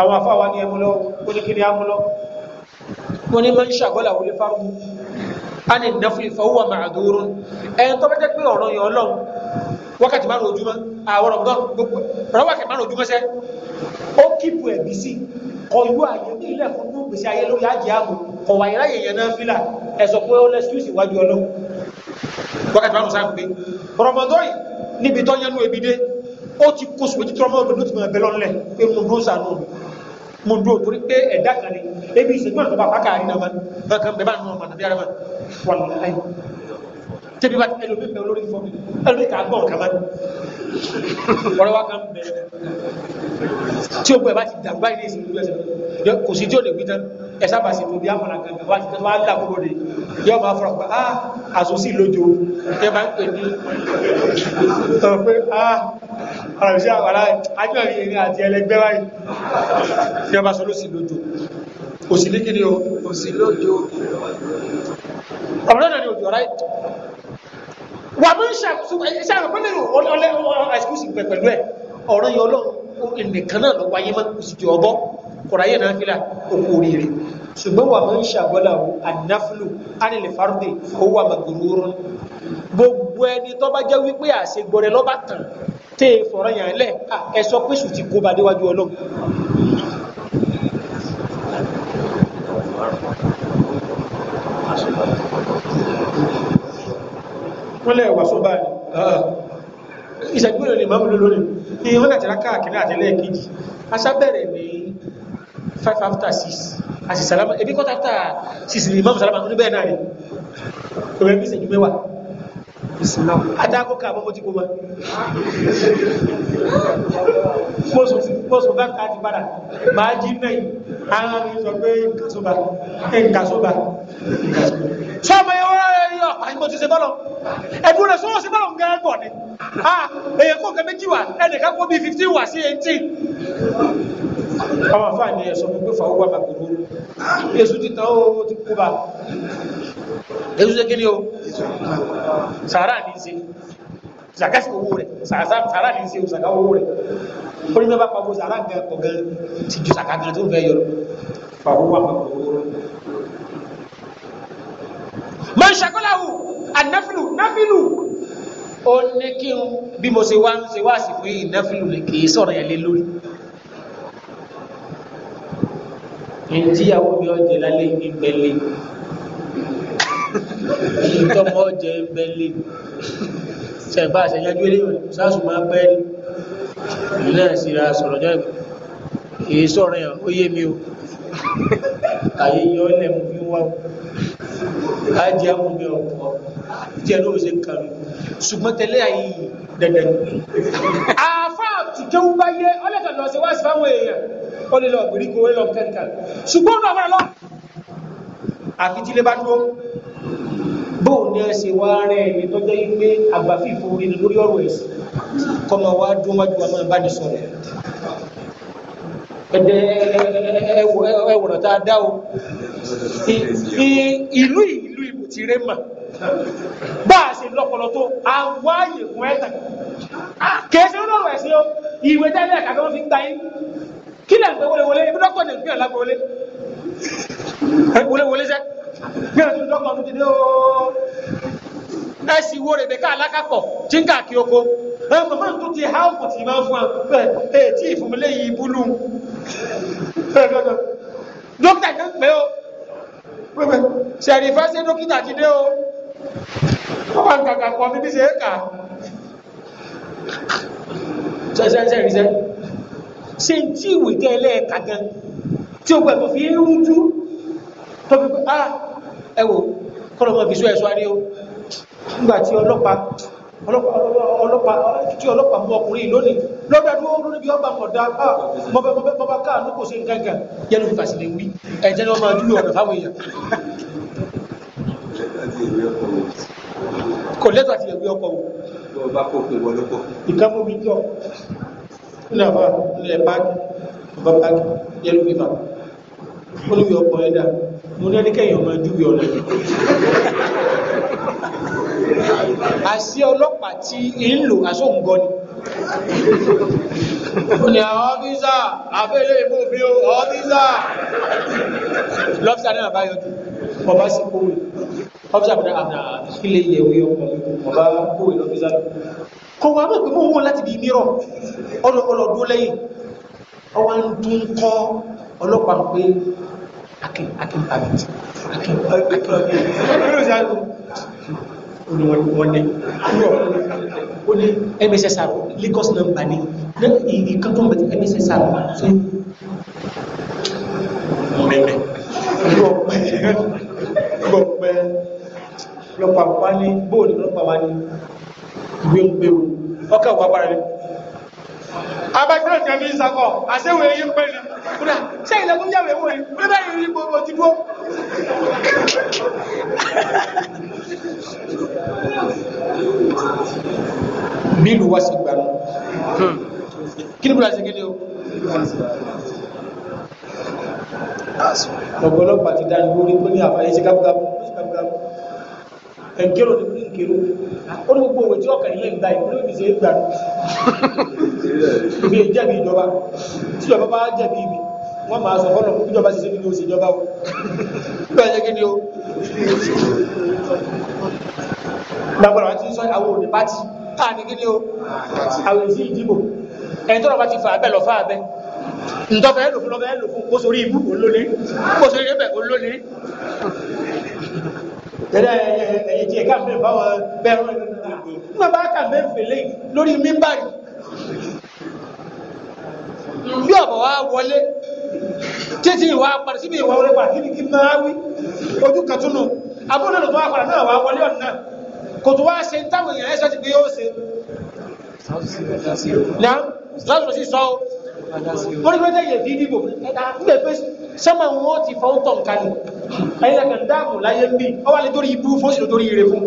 àwọn afáwa ní ẹmú lọ́wọ́ ó ámú lọ wọ́n ní máa ń ṣàgọ́là wọlé fárúgbù a ní ìdáfù ìfọwọ́ màdúró ẹ̀ tó bá jẹ́ pé ọ̀rọ̀ yẹn ọlọ́run wákàtí márùn ojúmọ́ àwọn ọ̀rọ̀ gbogbo ọ̀rọ̀ márùn ojúmọ́ sẹ́ ó kíìpù ẹ̀bí sí kọlu àyè ní ilẹ̀ fún ní gbèsè ayé lórí ajé ààbò kọ̀wà ìrá yẹ̀yẹ̀ náà fílà ẹ̀sọ̀ pé ó lẹ́sùsì wájú ọlọ́ wákàtí wọn sáà pé rọmọdọ́rì níbi tó yẹnu ebi dé ó ti kó sùn méjì tó rọmọdọ́rì ló ti mọ̀ ẹ̀bẹ̀ lọ́nlẹ̀ pé mo dúró sànú mi mo dúró torí pé ẹ̀dá kan ni ebi ìṣègùn àtọ́bà pákà àrí náà máa ń bẹ́ẹ̀ kan bẹ́ẹ̀ bá nù ọmọ nàbí ara máa wà lọ́nà tẹ́bí bá ẹlòmí mẹ́ olórí fọ́ ẹlòmí kà gbọ́n kàmá ọ̀rẹ́ wá kan mẹ́ tí ó gbọ́ ẹ̀ bá ti dàgbà ilé ìsìn ìlú ẹ̀sẹ̀ kò sí tí ó lè wí tán ẹ̀sà bá sì tó bí àmọ̀nà kan wá ti tẹ́wàá là kúrò dé yọ máa fọ́rọ̀ pé ah àṣọ sí lójó ẹ bá ń pè ní tọ̀rọ̀ pé ah ọ̀rọ̀ sí àwọn àjọ ìrìn àti ẹlẹgbẹ́ wáyé yọ bá sọ ló sì lójó òsì lékèdè òsì lójó ọ̀rọ̀ náà ni òjò ráìtì wà mọ́ ṣàpẹ́lẹ̀rù ẹ̀sìkúsì pẹ̀lú ẹ̀ ọ̀rọ̀ yọ lọ ìnìkan náà lọ wáyé máa kùsù jẹ ọbọ́ kọ̀ráyẹ̀ náà fílà òkú oríire ṣùgbọ́n wà mọ́ ṣàgbọ́lá àdáflù ánìlẹ̀ fárúdì ó wà magorúurú gbogbo ẹni tó bá jẹ́ wípé àṣẹ gbọ́rẹ̀ lọ́bá tàn tẹ́ fọ̀rọ̀ yàn lẹ̀ ẹ sọ pé sù ti kó bá déwájú ọlọ́run Thank you wọ́n lẹ́wà sọ́bà ìṣẹ́gbẹ̀rẹ̀ ni mọ́mù lórí ní wọ́n láti rákà kìíní àti lẹ́ẹ̀kejì aṣábẹ̀rẹ̀ ní 5 after 6 àti sàlámà ebi kọ́ta after 6 ni mọ́mù sàlámà ní bẹ́ẹ̀ náà rí adágọ́ kàbọ̀ mo ti kó mọ́ pọ́sùn bá káàkiri padà máa jí mẹ́yìn ara mi sọ pé ìkàsóbà ìkàsóbà sọ́mọ ẹwọ́n rẹ̀ ní ọ̀pá ìmọ̀ ti ṣe bọ́lọ̀ ẹ̀dùn rẹ̀ sọ́wọ́ sí bọ́lọ̀ ń gẹ́rẹ́ pọ̀ ni èyàn kó nǹkan méjì wà ẹnìkan kó bí 15 wà sí 18 àwọn àfáà ni ẹ̀sọ́ gbogbo fàwọ́ wà bàbá gbogbo Jésù ṣe kí ni o sàárà ní ṣe zakasi owó rẹ̀ sàárà ní ṣe òsàká owó rẹ̀ ó ní mẹ́bàá pàbó sàárà gan ọ̀gan ti ju sàká gan tó fẹ́ yọ pàbó wà pàbó owó rẹ̀ mọ̀ ṣàkọ́láwù ànáfìlù náfìlù ó ní kí n bí mo ṣe wá ń ṣe wá sí fún yìí náfìlù lè kìí sọ̀rọ̀ yẹn lé lórí ìdíyàwó mi ọ̀jẹ̀ lálẹ́ ìgbẹ́lẹ́ èyí tọ́mọ jẹ bẹ́lẹ̀ ṣẹ̀gbá àṣẹyájú ilé ìsáàsù máa bẹ́ẹ̀lì ìlẹ́ ìsìnra sọ̀rọ̀ jẹ́ èyí sọ̀rọ̀ yàn ó yé mi o àyè yọ ilẹ̀ mú fi wá á jẹ́ mú mi ọ̀pọ̀ jẹ́ ló ṣe kàrù ṣùgbọ́n tẹ́lẹ̀ àyè dandan àfáà ti kéwú bá yẹ ọlẹ́kà lọ sí wá sí fáwọn èèyàn ó lè lọ gbèríko ó lè lọ kẹ́kẹ́ ṣùgbọ́n náà wọ́n lọ àfi tí ilé bá dúró bóun ni a ṣe wá rẹ ẹni tó jẹ́ pé àgbàfí ìfowórí ni lórí ọ̀rọ̀ ẹ̀sìn kọ́ máa wá dún wájú wa máa bá ní sọ̀rọ̀ ẹ̀dẹ̀ ẹwọ̀nà tá a dá o ìlú ìlú ìbò ti rẹ́ mà bá a ṣe lọ́pọ̀lọ́ tó a wáyè fún ẹ̀tàn kìí ṣe lọ́rọ̀ ẹ̀sìn o ìwé tẹ́lẹ̀ kàkẹ́ wọ́n fi ń ta yín kí lẹ́ǹgbẹ́ wọlé wọlé ibi dọ́kọ̀ nàìjíríà lágbọ̀ wọlé wọlé wọlé sẹ́ bí o tún dọ́kọ̀ tún ti dé ooo ẹ sì wo Rèbékà alákàkọ̀ tí ń káàkiri oko ẹ màmá tó ti há òkú tì máa fún ẹ ẹ tí ìfúnmilé yìí búlù dókítà kan pé o sẹ̀rìfẹ́ sí dókítà ti dé o wọ́n ń kàkà kọ́ mi ṣe é kà á ṣe ń tí ìwé tẹ ẹlẹ́ẹ̀ka gan tí o gbẹ tó fi ń rújú tó fi ah ẹwò kọ́lọ̀mọ́ fi sọ ẹ̀ṣọ́ àríò nígbàtí ọlọ́pàá tí ọlọ́pàá mú ọkùnrin lónìí lọ́dọ̀dún olórin bí ọba mọ̀dá mọba káàánú kò sí gángan yẹnu fi fàṣìlẹ̀ wí ẹ̀jẹ́ ni wọ́n máa dúró ọ̀nà fáwọn èèyàn kò lẹ́tọ̀ àti ẹ̀gbẹ́ ọkọ̀ ìkámọ́ mi jọ nílẹ̀ bá nílẹ̀ bá yẹnu fi fà ó ní ọkọ̀ ẹ̀dá mo ní ẹnikẹ́yìn ọmọ ẹjú bí ọ̀nà àṣí ọlọ́pàá tí ń lò aṣọ ń gọ́ ni ó ní àwọn ọ́fíìsà àfẹ́lẹ́ ìbò bí ó ọ́fíìsà lọ́fíìsà náà bá yọjú ọba sí kówé ọ́fíìsà bẹ̀rẹ̀ àmà ilé ìyẹ̀wé ọkọ̀ ọba kówé lọ́fíìsà kò wà Akin, Akin Pabit, Akin Pabit, wọ́n ní wọ́n ní MSSR Lagos number ní ìkan tó ń bẹ̀tẹ̀ MSSR fún mẹ́mẹ́ gbọ́pẹ́ lọ́pàá wá ní bóòlù lọ́pàá wá ní ìwé ń gbé ohun ọkà wà bára rẹ̀ abẹ́gbẹ́ ìjẹ́ mi ìsàkọ̀ àṣẹ́wò eyín pé ni kúrẹ́ ṣé ilẹ̀ tó ń yàwó ewúrẹ́ kúrẹ́ bẹ́ẹ̀ rí gbogbo ti dúró. bílù wá sí gbanú kí ni bùrọ̀ àṣẹ kéde o. ọ̀pọ̀lọpọ̀ àti dáni lórí tó ní àfàyè ṣe kábùkábù ẹ̀ǹkẹ́rò ní ìkẹ́rò ó ní gbogbo òwe tí ọkà ilé ìgbà ìpínlẹ̀ òbí ṣe é gbà [laughs] ìgbé jẹ́bi ìjọba tí ìjọba bá jẹ́bi ibi wọ́n máa sọ fọ́nà fún ìjọba ṣiṣẹ́ nínú òṣèjọba o bẹ́ẹ̀ jẹ́ kí ni o gbàgbọ́dọ̀ àti sọ àwọn òní pátì káà ní kí ni o àwọn èsì ìdìbò ẹni tọ́rọ bá ti fà abẹ́ lọ fà abẹ́ ntọ́fẹ́ lò fún lọ́fẹ́ lò fún kó sórí ibú olóni kó sórí ibẹ̀ olóni tẹ́lẹ̀ ẹ̀yìn tí ẹ̀ká mẹ́ báwọn bẹ́ẹ̀rọ ìrìnà bá kà mẹ́ fèlè lórí mímbàrí bí ọ̀bọ̀ wá wọlé títí ìwà padà síbi ìwà orí padà kíbi kí máa wí ojú kàtúnù abúlé lòtọ́ àpàdà náà wà wọlé ọ̀nà kò tó wá ṣe táwọn èèyàn ẹ̀ṣọ́ ti gbé yóò ṣe wọ́n gbé tẹ́yẹ̀ fi dìbò nígbè pé sọ́mọ̀ wọn ti fọ́n tọ̀ nǹkan ni ẹ̀yìn ẹ̀kan dáàmù láyé ń bí ọ wà lè dórí ibú fóṣì lórí ire fún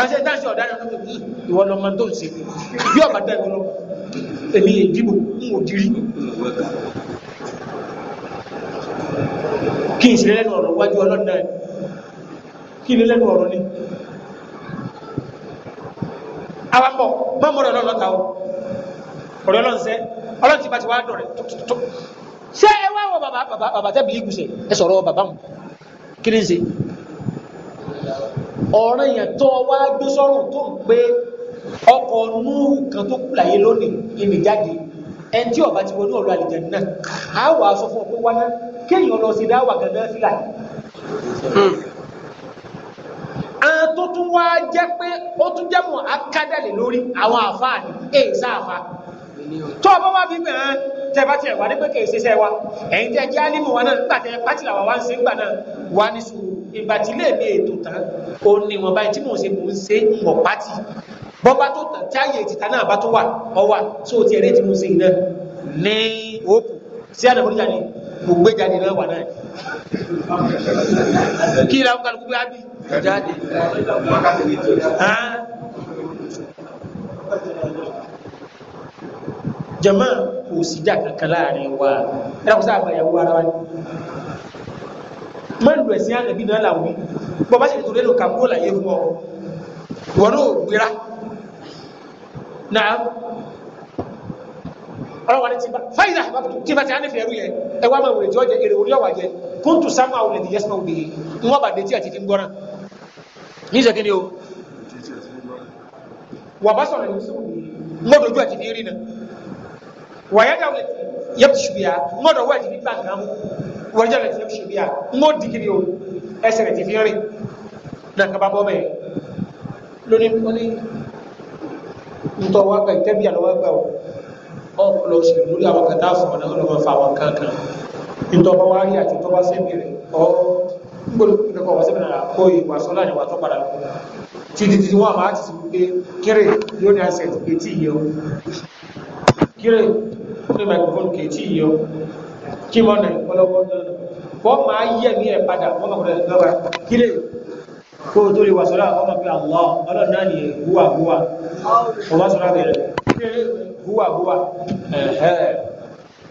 àṣẹ dáṣẹ ọ̀daràn ló ń ìwọ lọmọ tó ń ṣe bí ọba dá ìwọ lọ èmi ìdìbò ń wò dirí kí n sì lẹ́nu ọ̀rọ̀ wájú ọlọ́dún náà awakọ̀ mọ́mọ́rọ̀ ọlọ́run lọ́ta o ọ̀rọ̀ ọlọ́run sẹ́ ọlọ́run ti bá ti wá dọ̀rẹ́ tó ṣé ẹ wá wọ bàbá bàbá bàbá tẹ́ bìlí gùsẹ̀ ẹ sọ̀rọ̀ bàbá wọn kí ni ṣe ọ̀ràn yẹn tó wá gbé sọ́rùn tó ń pé ọkọ̀ núhù kan tó kù láyé lónìí ìnìjáde ẹni tí ọba ti wọnú ọ̀rọ̀ àlìjẹ náà á wà á sọ fún ọ pé wá kéèyàn lọ sí dáwà gan náà sílà nǹkan tó tún wá jẹ́ pé ó tún jẹ́ mọ̀ akádàlè lórí àwọn àfáà èèsà àfáà tó ọmọ wá bí mẹ́rin tẹbá tí ẹ̀wà ní pé kèèsì iṣẹ́ wa ẹ̀yìn tẹ́ jẹ́ alímù wa náà nígbàtẹ́ pátìlà wà wá ń ṣe ń gbà náà wà ní sùúrù ìgbàtí lè ní ètò tán ó ní wọn báyìí tí mò ń ṣe mò ń ṣe mọ̀ pátì bọ́bá tó tàn tí ààyè ìtìta náà bá tó wà ọwà tó ti ẹ̀rẹ́ tí mo ṣe iná ní òpù sí àdàbọ̀díjà ni gbogbo jáde náà wà náà kí ni àwọn kálukú bí wàá bí jáde jama kò sí jà kankan láàrin wa ẹ̀rọ kò sáà gba ìyàwó ara wa ni máa ń lu ẹ̀sìn àgbẹ̀bí náà làwọn bọ́ bá ṣe nítorí ẹ̀rọ kà kúrò láyé fún ọ wọn ò gbéra náà ọlọ́wọ́ ni ti bá fáyidà tí bá ti á nífẹ̀ẹ́ rú yẹ ẹ wá máa wòlé tí ó jẹ èrè orí ọ̀wà jẹ kóńtù sámú àwọn ènìyàn sọ òbí wọn bá detí àti fi ń gbọ́ràn ní ìṣe kíni o wà bá sọ̀rọ̀ ní sọ̀rọ̀ mọ́ dojú àti fi rí na wà yá dáwọ̀ yẹ ti ṣubìyà mọ́ dọ̀ wá ìdí gbàǹkà mú wà yá dáwọ̀ yẹ ti ṣubìyà mọ́ dìgírí o ẹsẹ̀ ọ̀pọ̀lọ̀ sí lórí àwọn kan táà fún ọ̀nà ọlọ́mọ fa àwọn kankan ìtọ́bọ̀ wá rí àti tọ́bá sí ìbẹ̀rẹ̀ ọ́ gbọ́lùkọ́ wá sí ìbẹ̀rẹ̀ àkó ìwà sọ́lá ni wà tó padà lọ títí tí wọ́n máa ti sì wípé kéré yóò ní àṣẹ ètí o kéré ní microphone kè o kí mọ́ nà ọlọ́wọ́ náà wọ́n o tó lè wà sọ́lá ọmọ bí àwọn ọlọ́ọ̀ náà ni húwà húwà ẹ̀hẹ́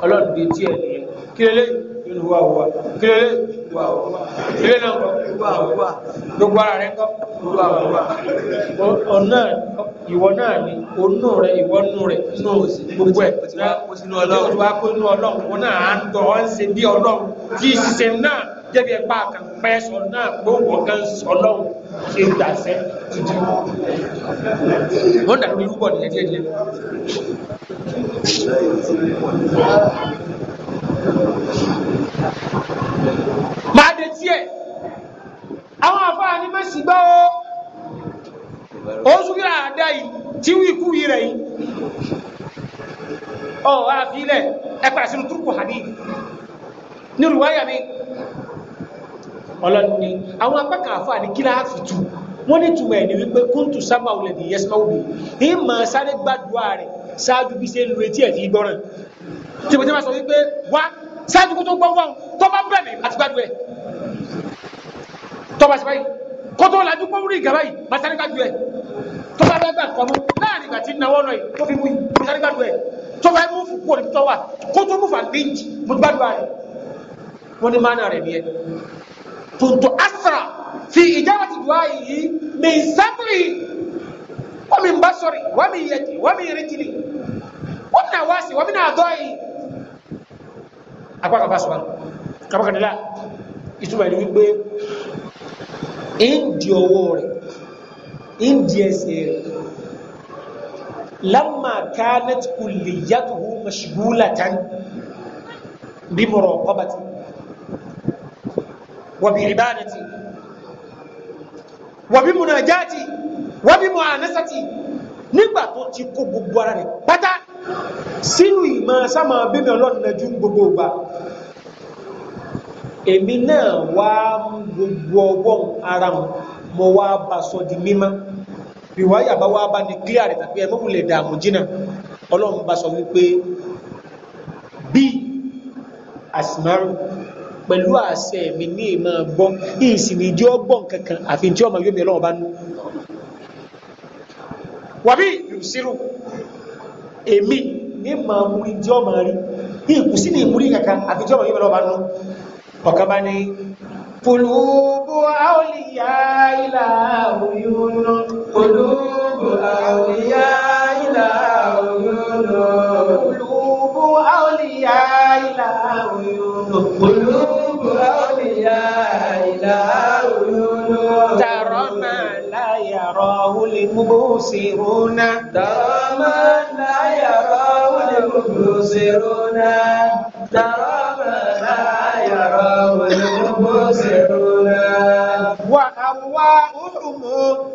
ọlọ́run di tí ẹ̀ nìyẹn kílélé nínú húwà húwà kílélé húwà húwà kílélé náà kọ húwà húwà gbogbo ara rẹ kọ húwà húwà ọ̀nà ìwọ náà ni onú rẹ ìwọ nú rẹ nú òsì gbogbo ẹ̀ ó ti wá kó inú ọlọ́run ó náà à ń tọ́ ọ́ ń ṣe bí ọlọ́run tí ìṣiṣẹ́ náà jẹbi ẹgbà kan pẹ sọ náà gbóngbò kan sọlọ ṣe gbàṣẹ títí wọn dàbí irúgbọ nìyẹn díẹ̀ díẹ̀. de tiẹ̀ àwọn àfáà ni mẹsì gbọ́ o oṣù kí àdá yìí tí wíkú yìí rẹ yìí ọ àfilẹ ẹ pàṣẹ tuntun kò hàní ní olùwáyà mi ọlọ́ni àwọn apákà àfáà ní kíláàfì tù wọ́n ní túmọ̀ ẹ̀ ní wípé kúntù sábà olè ní yẹsùmá òbí yìí máa sáré gbàdúrà rẹ̀ ṣáájú bí ṣe ń lu etí ẹ̀ fi gbọ́ràn tìbọ̀tì máa sọ wípé wá ṣáájú kó tó gbọ́ wọ́n tó bá bẹ̀rẹ̀ àti gbàdúrà ẹ̀ tó bá ṣe báyìí kó tó lajú pọ́ wúrí ìgàbá yìí máa sáré gbàdúrà ẹ̀ tó bá gbàgbà kọ́ mú láàrin ìgbà tí ń nawọ́ náà tó fi mú yìí máa sáré gbàdúrà ẹ̀ tó bá mú fún kúrò níbi tó wà كنت أسرع في إجابة دعائه من سمعي ومن بصري ومن يدي ومن رجلي ومن نواسي ومن أعضائي أقول أباس بان كما قال لا ìtumọ̀ ẹni إن ìdí إن rẹ̀ لما كانت rẹ̀ مشغولة kanat kulliyatuhu وبعبادتي وبمناجاتي وبمؤانستي nígbà tó ti kó gbogbo ara rẹ̀ pátá sínú ìmọ̀ sáma bíbí ọlọ́run lẹ́jú gbogbo ọgbà èmi náà wá gbogbo ọwọ́ ara mọ̀ wá bá sọ di mímọ́ ìwáyà bá wá bá ní clear rẹ̀ tàbí ẹmọ́kùnlẹ̀ dààmú jìnà ọlọ́run bá sọ wípé bí asmaru pẹ̀lú àṣẹ mi ní ìmọ̀ gbọ́ ìsìnì jẹ́ ọgbọ́n kankan àfi tí ọmọ yóò mi ọlọ́wọ́ bá nú. wàbí yùsírù èmi ní màá mú ìjẹ́ ọmọ rí ìkùsí ní ìmúrí kankan àfi tí ọmọ yóò mi ọlọ́wọ́ bá nú. ọ̀kan bá ní Kulubu awliya ila uyunu. ترى ما لا يراه المبصرون ترى ما لا يراه المبصرون ترى ما لا يراه المبصرون وأرواحهم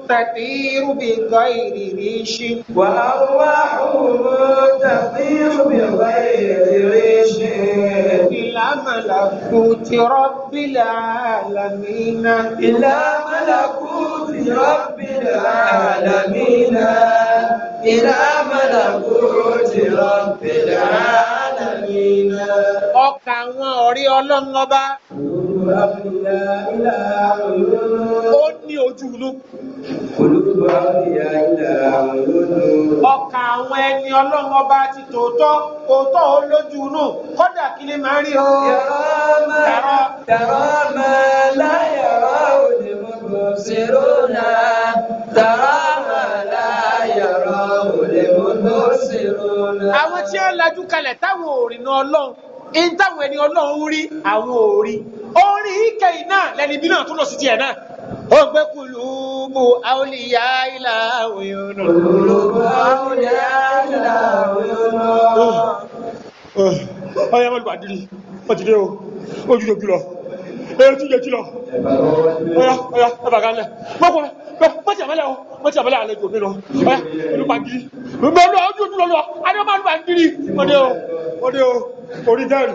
تطير بغير ريش وأرواحهم تطير بغير ريش إلى ملكوت رب العالمين إلى ملكوت رب العالمين إلى ملكوت رب العالمين ọkà àwọn ọ̀rẹ́ ọlọ́ngọba ó ní ojú inú. ọkàn àwọn ẹni ọlọ́run ọba ti tòótọ́ òótọ́ ó lójú inú kódà kí ni màá rí o. tàrọ máa láyàrá òde mọ́tò ṣèrò náà tàrọ máa láyàrá òde mọ́tò ṣèrò náà. àwọn tí ó lajú kalẹ̀ táwọn òrìnà ọlọ́run ní táwọn ẹni ọlọ́run rí àwọn ò orin ike iná lẹni bí náà tún lọ sí tiẹ̀ náà ó gbé kulubu awliya ilà òyìnbó. kulubu awliya ilà òyìnbó. ọyọ mọlùbà dìrì wọn ti dé o ojú lójú lọ èyí tún yẹ jù lọ ọyọ ọyọ ẹ bàgá ńlẹ mọkùn mọtì àmàlẹ o mọtì àmàlẹ àlejò mi lọ ọyọ olùbà dìrì mọ lọ ojú ojú lọ lọ adé mọlùbà dìrì ọdẹ o ọdẹ o orí dẹrù.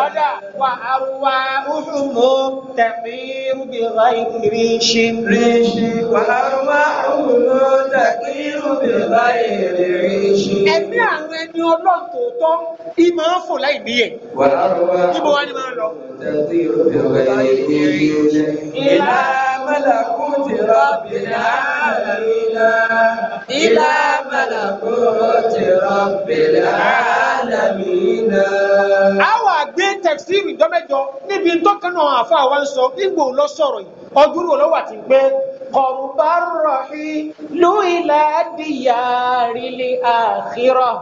Kọ́dà wà arúwá òhùnmó tẹ̀fìrú bí láìkiri ṣe. Ríṣi wà arúwá òhùnmó tẹ̀fìrú bí láìkiri ṣe. Ẹ̀mí àwọn ẹni ọlọ́run tòótọ́, ìmọ̀ ملكوت رب العالمين إلى ملكوت رب Àwa gbé tẹ̀síìrì dọ́mẹ́jọ níbi tó kánà àfá wa ń sọ nígbò lọ sọ̀rọ̀ yìí, ọdún rò lọ́wà ti pé kọ̀rùbá rọ̀hí ló ilá dìyàrí lè àkírọ̀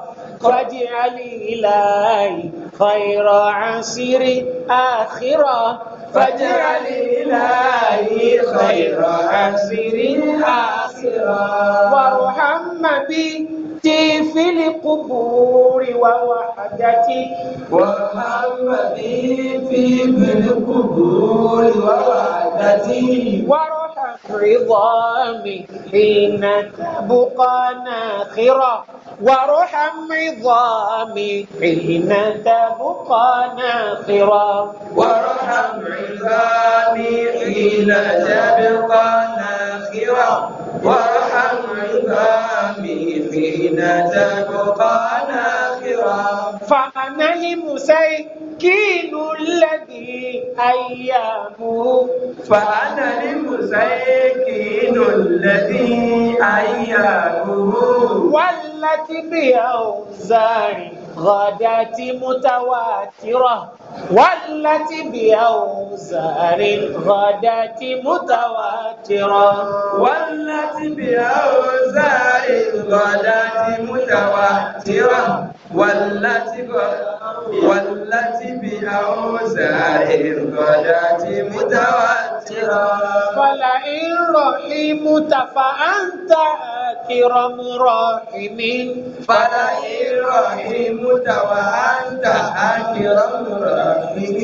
kọjí alì ìlàáyì fàìrọ̀ àṣírí àkírọ̀ kọjí alì ìlàáyì fàìrọ̀ àṣírí àkírọ̀ wàrùhàn màbí في القبور ووحدتي ومحمدي في القبور ووحدتي وروح عظامي حين تبقى ناخرة وروح عظامي حين تبقى ناخرة وروح عظامي حين تبقى ناخرة وارحم عظامي فينا تبقى ناخرا فأنا المسيكين الذي أيامه فأنا المسيكين الذي أيامه والتي بأوزاري غادات متواترة والتي بأوزار الغادات متواترة والتي بأوزار الغادات متواترة والتي والتي بأوزاع الغدات متواترة فلئن رحمت فأنت أكرم راحم فلئن رحمت فأنت أكرم راحم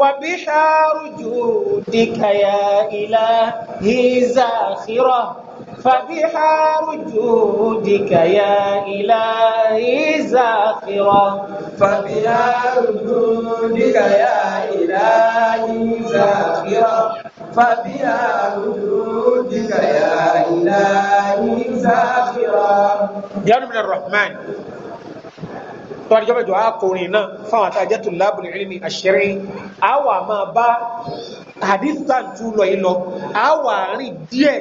وبحار جودك يا إلهي زاخرة فبحار جودك يا إلهي زاخرة فبحار جودك يا إلهي زاخرة فبحار جودك يا إلهي زاخرة جار من الرحمن tọ́wọ́n ìjọba ìjọ akọrin náà fáwọn àtàjẹ́ tó lábùrì ìrìnì àṣírí àwọ̀ àmà bá àdìsítàntú lọ ìlọ àwọ̀ àárín díẹ̀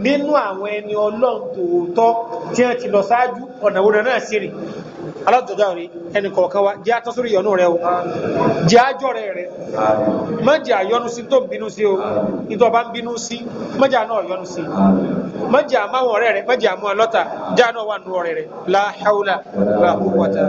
nínú àwọn ẹni ọlọ́run tòótọ́ tí wọ́n ti lọ ṣáájú ọ̀nà wo náà sí rè alájọjá rè ẹnì kọ̀ọ̀kan wa jẹ́ atọ́sórí ìyọnu rẹ o jẹ́ àjọ rẹ rẹ má jẹ́ àyọnu sí tó ń bínú sí o ìtọ́ bá ń bínú sí má jẹ́ àná ọ̀yọnu sí má jẹ́ àmáwọn ọ̀rẹ́ rẹ má jẹ́ àmú ọlọ́ta jẹ́ àná wà nù ọ̀rẹ́ rẹ la hawla wala quwwata.